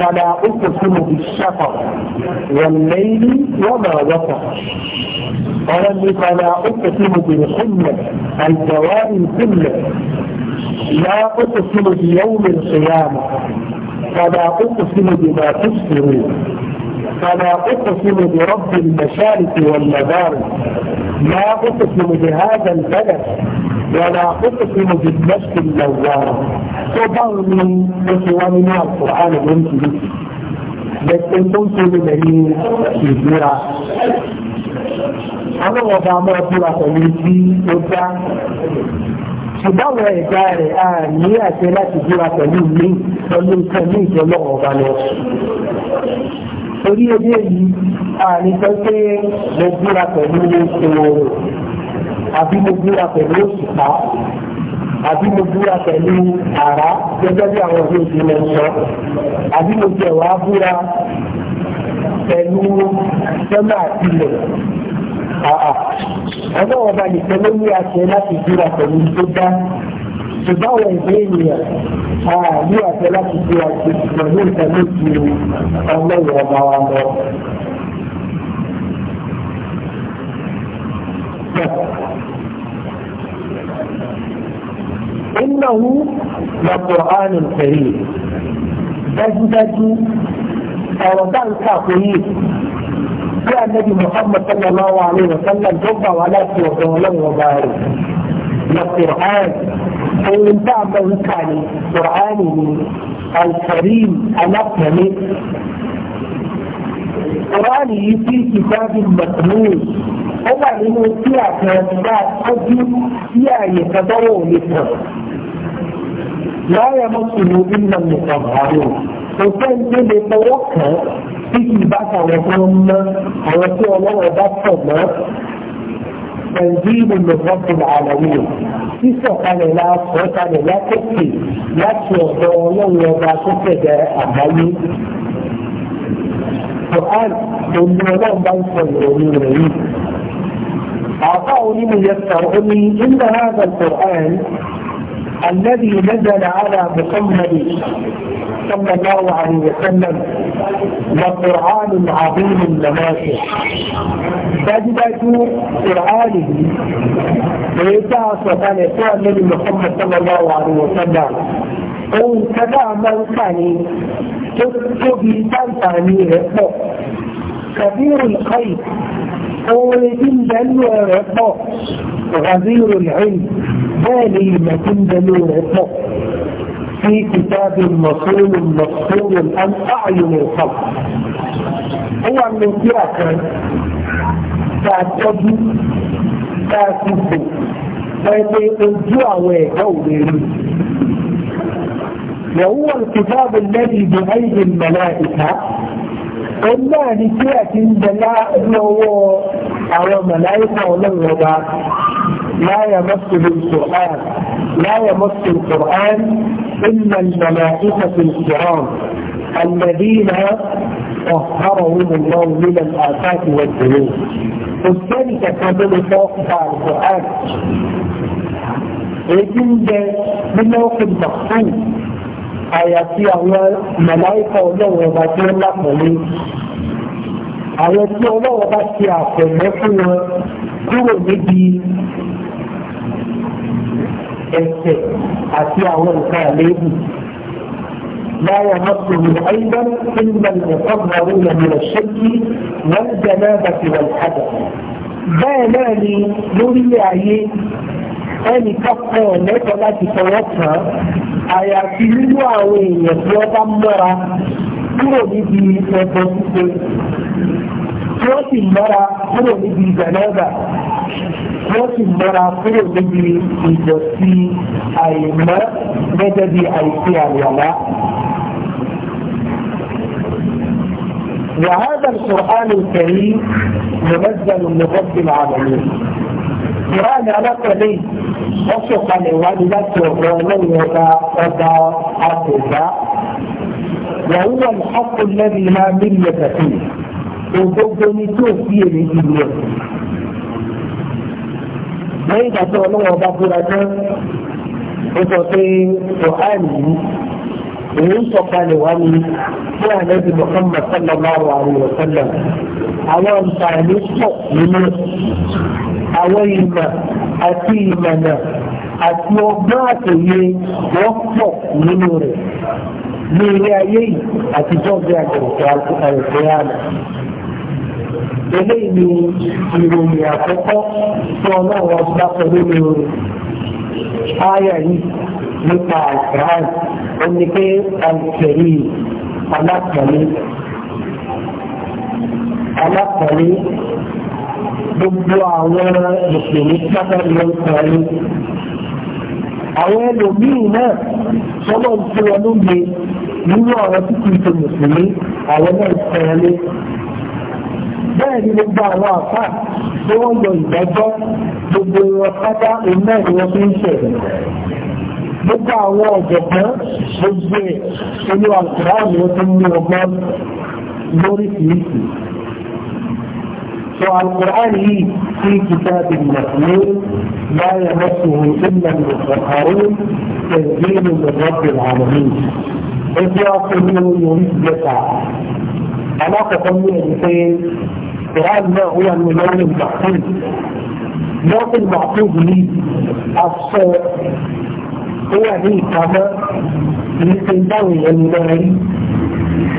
فلا أقسم بالشفق والليل وما وقع ولم فلا أقسم بالحمة الجواب الكلة لا أقسم بيوم القيامة فلا أقسم بما تبصرون فلا أقسم برب المشارق والمغارب لا أقسم بهذا البلد ولا أقسم بالنفس اللوامة فضرني وسواني القرآن المنزل بس تنسوا في يزرع أنا وضع مرة في الأخوة ṣùgbọ́n ẹ̀dá rẹ̀ a ní àṣẹ láti jíra pẹ̀lú ilé pẹ̀lú nǹkan ní ìjọlọ́ ọ̀gá lọ. Orí ẹbí èyí, a ní sọ pé mo jíra pẹ̀lú oòrùn, àbí mo jíra pẹ̀lú òṣùpá, àbí mo búra pẹ̀lú àrá gẹ́gẹ́ bí àwọn òbí òbí lọ sọ àbí mo jẹ̀wá búra pẹ̀lú sọ́nà àtìlẹ̀ àà ọlọ́wọ́ bá nìkan ló ní àṣẹ láti dúra pẹ̀lú tó dá ṣùgbọ́n àwọn ìwé ènìyàn ní àṣẹ láti dúra pẹ̀lú nǹkan ló ju ọlọ́wọ́ ọba wa lọ. إنه لقرآن كريم dájúdájú ọ̀rọ̀ bá ń kà جاء النبي محمد صلى الله عليه وسلم جبع ولا سوره ولم يباري للقران فان بعد ان كان قرانه الكريم انقل منه قراني في كتاب مكنون هو من اتيا كاتبات قديم يعني تدور مثله لا يمسه الا المطهرون òṣèlú tó lè fọwọ́ kàn tí kì í bá sàwọn tó ń ná àwọn tí ọlọ́wọ́ bá pọ̀ mọ́ تنزيل من رب العالمين sísọ kalẹ̀ la sọ kalẹ̀ látòkè láti ọ̀dọ̀ ọlọ́run ọba tó fẹ̀dẹ̀ àgbáyé. Quran òní ọlọ́run bá ń sọ ìròyìn rẹ̀ yìí. Àbá onímọ̀ yẹn sọ ó ní ìdáhàbà Quran الذي نزل على محمد صلى الله عليه وسلم لقرآن عظيم النماسع تجدت قرآنه ويتاع صلى الله عليه وسلم قول كذا من كان تبقى بيسان كبير الخير قول جندا رفو غزير العلم الثاني ما تنزلوا العطاء في كتاب مصول مقصول أن أعين الخلق هو من كان تعتدي تعتدي فإذا الجوع ويقول وهو الكتاب الذي بأيدي الملائكة قلنا لكي أتنزل هو أو ملائكة ولا الرباط لا يمس بالقرآن لا يمس القرآن إلا الملائكة الكرام الذين طهرهم الله من الآفات والذنوب كمان توقف على القرآن يجب من موقف مخصوص آياتي àwọn ملائكة الله وباتي الله wọ́n آياتي àwọn وباتي ọlọ́wọ́ bá ṣe àpẹ̀lẹ́ اسي اسي اول كاليب لا يمطه ايضا الا المطهرون من الشك والجنابة والحدث بالالي نوري ايه اني كفا نيكو لا تتوفى اياتي نيو اوين يسوى تمرا كرو نيدي نيكو سيكو كرو تمرا كرو نيدي جنابة wọ́n sì mọ́ra kúrò níbi ìdọ̀tí àìmọ́ gẹ́gẹ́ bí àìsí وهذا القرآن الكريم منزل من رب العالمين قرآن علاقة ليه وصف الإيمان لك ومن وباء ودا أبدا وهو الحق الذي لا ملة فيه وضد نتوفيه لإيمان lẹ́yìn ìgbà tí ọlọ́wọ́ ọba búra jẹ́ ó sọ pé quran yìí èyí ń sọ̀kalẹ̀ wá ní fún àlẹ́bí Muhammad sallallahu alaihi wa sallam àwọn àǹfààní pọ̀ nínú àwọn ìmọ̀ àti ìmọ̀nà àti ọgbọ́n àtòye wọ́n pọ̀ nínú rẹ̀ ní ilé ayé yìí àtijọ́ bí àgbẹ̀rẹ̀ àgbẹ̀rẹ̀ àná eléyìí ni ìròyìn àkọ́kọ́ tí ọlọ́run ọba pẹ̀lú lórí ayà yìí nípa àìsàn ó ní pé àìsàn yìí alákọ̀ọ́lé alákọ̀ọ́lé gbogbo àwọn mùsùlùmí sábà ló ń sọrí àwọn ẹlòmíì náà sọ́dọ̀ tí wọn ló nínú ọ̀rọ̀ títí ìṣe mùsùlùmí àwọn náà ń bẹ́ẹ̀ ni gbogbo àwọn àfà tí wọ́n lọ ìdájọ́ gbogbo wọn pátá iná ni wọ́n fi ń ṣẹ̀rẹ̀ gbogbo àwọn ọ̀jọ̀gbọ́n gbogbo ẹ̀ inú àkùrá ni wọ́n ti ń ní ọgbọ́n lórí kìíkì فالقرآن لي في كتاب مسلول لا يمسه إلا المتطهرون تنزيل من رب العالمين إذ يعصمه يريد بسعة أنا تقول لي هذا هو الملون المحفوظ اللون المحفوظ لي الصوت هو لي كما يتنبوي المالي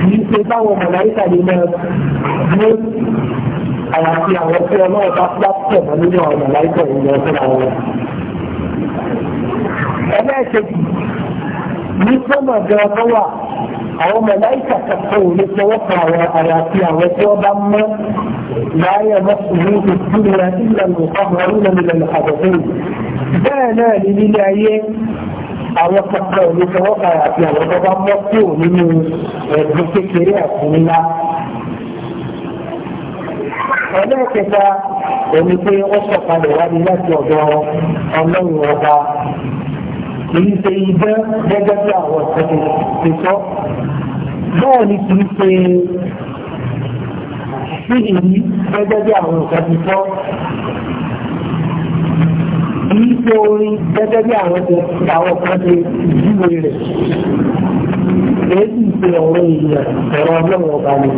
يتنبوي ملايكة لماذا àyàfi àwọn tí ọlọ́run bá bá pọ̀ mọ́ nínú àwọn màláìkọ̀ ìlú ọ̀sẹ̀ àwọn. ẹlẹ́ẹ̀kejì ní sọ́mọ̀ gan-an tó wà àwọn mọ̀láìkà kankan ò lè tọwọ́ pa àwọn àyàfi àwọn tí wọ́n bá mọ́ láyé mọ́sùlùmí ìdúró ìlànà ìfọ̀hún ìlànà àbọ̀fẹ́ bẹ́ẹ̀ náà ní nílé ayé àwọn kankan ò lè tọwọ́ pa àyàfi àwọn tó bá mọ́ kú nínú ẹ̀dùn kékeré ẹ̀kún ńlá ẹlẹ́ẹ̀kẹta ẹni pé ó sọ̀kalẹ̀ wá kì í ṣe idẹ́ gẹ́gẹ́ bí àwọn ìṣẹ̀lẹ̀ ti sọ bẹ́ẹ̀ ni kì í ṣe sí ìlú gẹ́gẹ́ bí àwọn ìṣẹ̀lẹ̀ ti sọ kì ṣe orin gẹ́gẹ́ bí àwọn ìṣẹ̀lẹ̀ ti ìjúwe rẹ̀ èyí ṣe ọ̀rọ̀ ìyẹn ẹ̀rọ ọlọ́run ọba ni.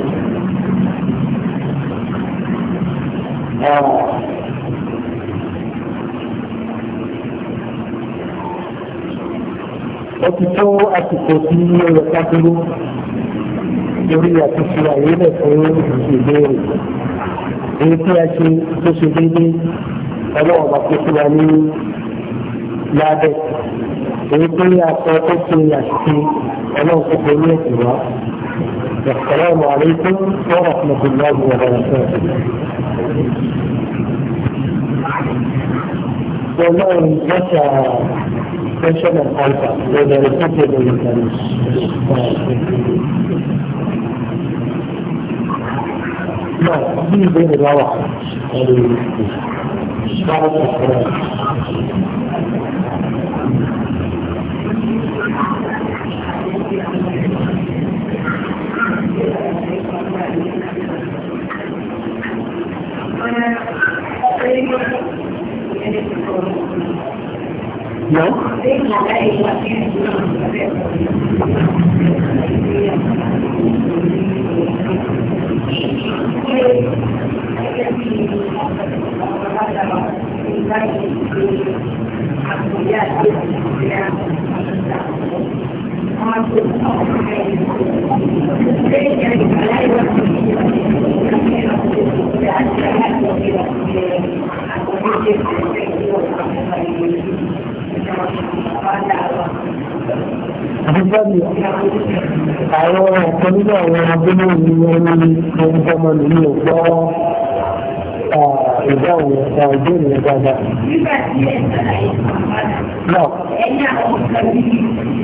ó ti tó àsìkò tí ẹ̀rọ ká dúró torí àtúnṣe àyẹ̀lẹ̀ fún ìbéèrè èyí tí a ṣe tó ṣe déédéé ọlọ́wọ́ bá tó fún wa ní lábẹ́ èyí tó ní aṣọ tó ṣe àṣìṣe ọlọ́wọ́ tó fún ní ẹ̀sìn wa. السلام عليكم ورحمة الله وبركاته. والله متى extension of alpha, where there is no table in No, he is going to allow us. Start with Thank you. No? Thank you. Àbúgbàdì àwọn ọ̀kan nínú àwọn agbóná ní ẹni ohun ọmọ lèmi ò gbọ́ ìdá òun ẹ̀ka ìdí ènìyàn dáadáa.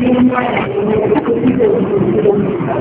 Nígbà tí ẹ̀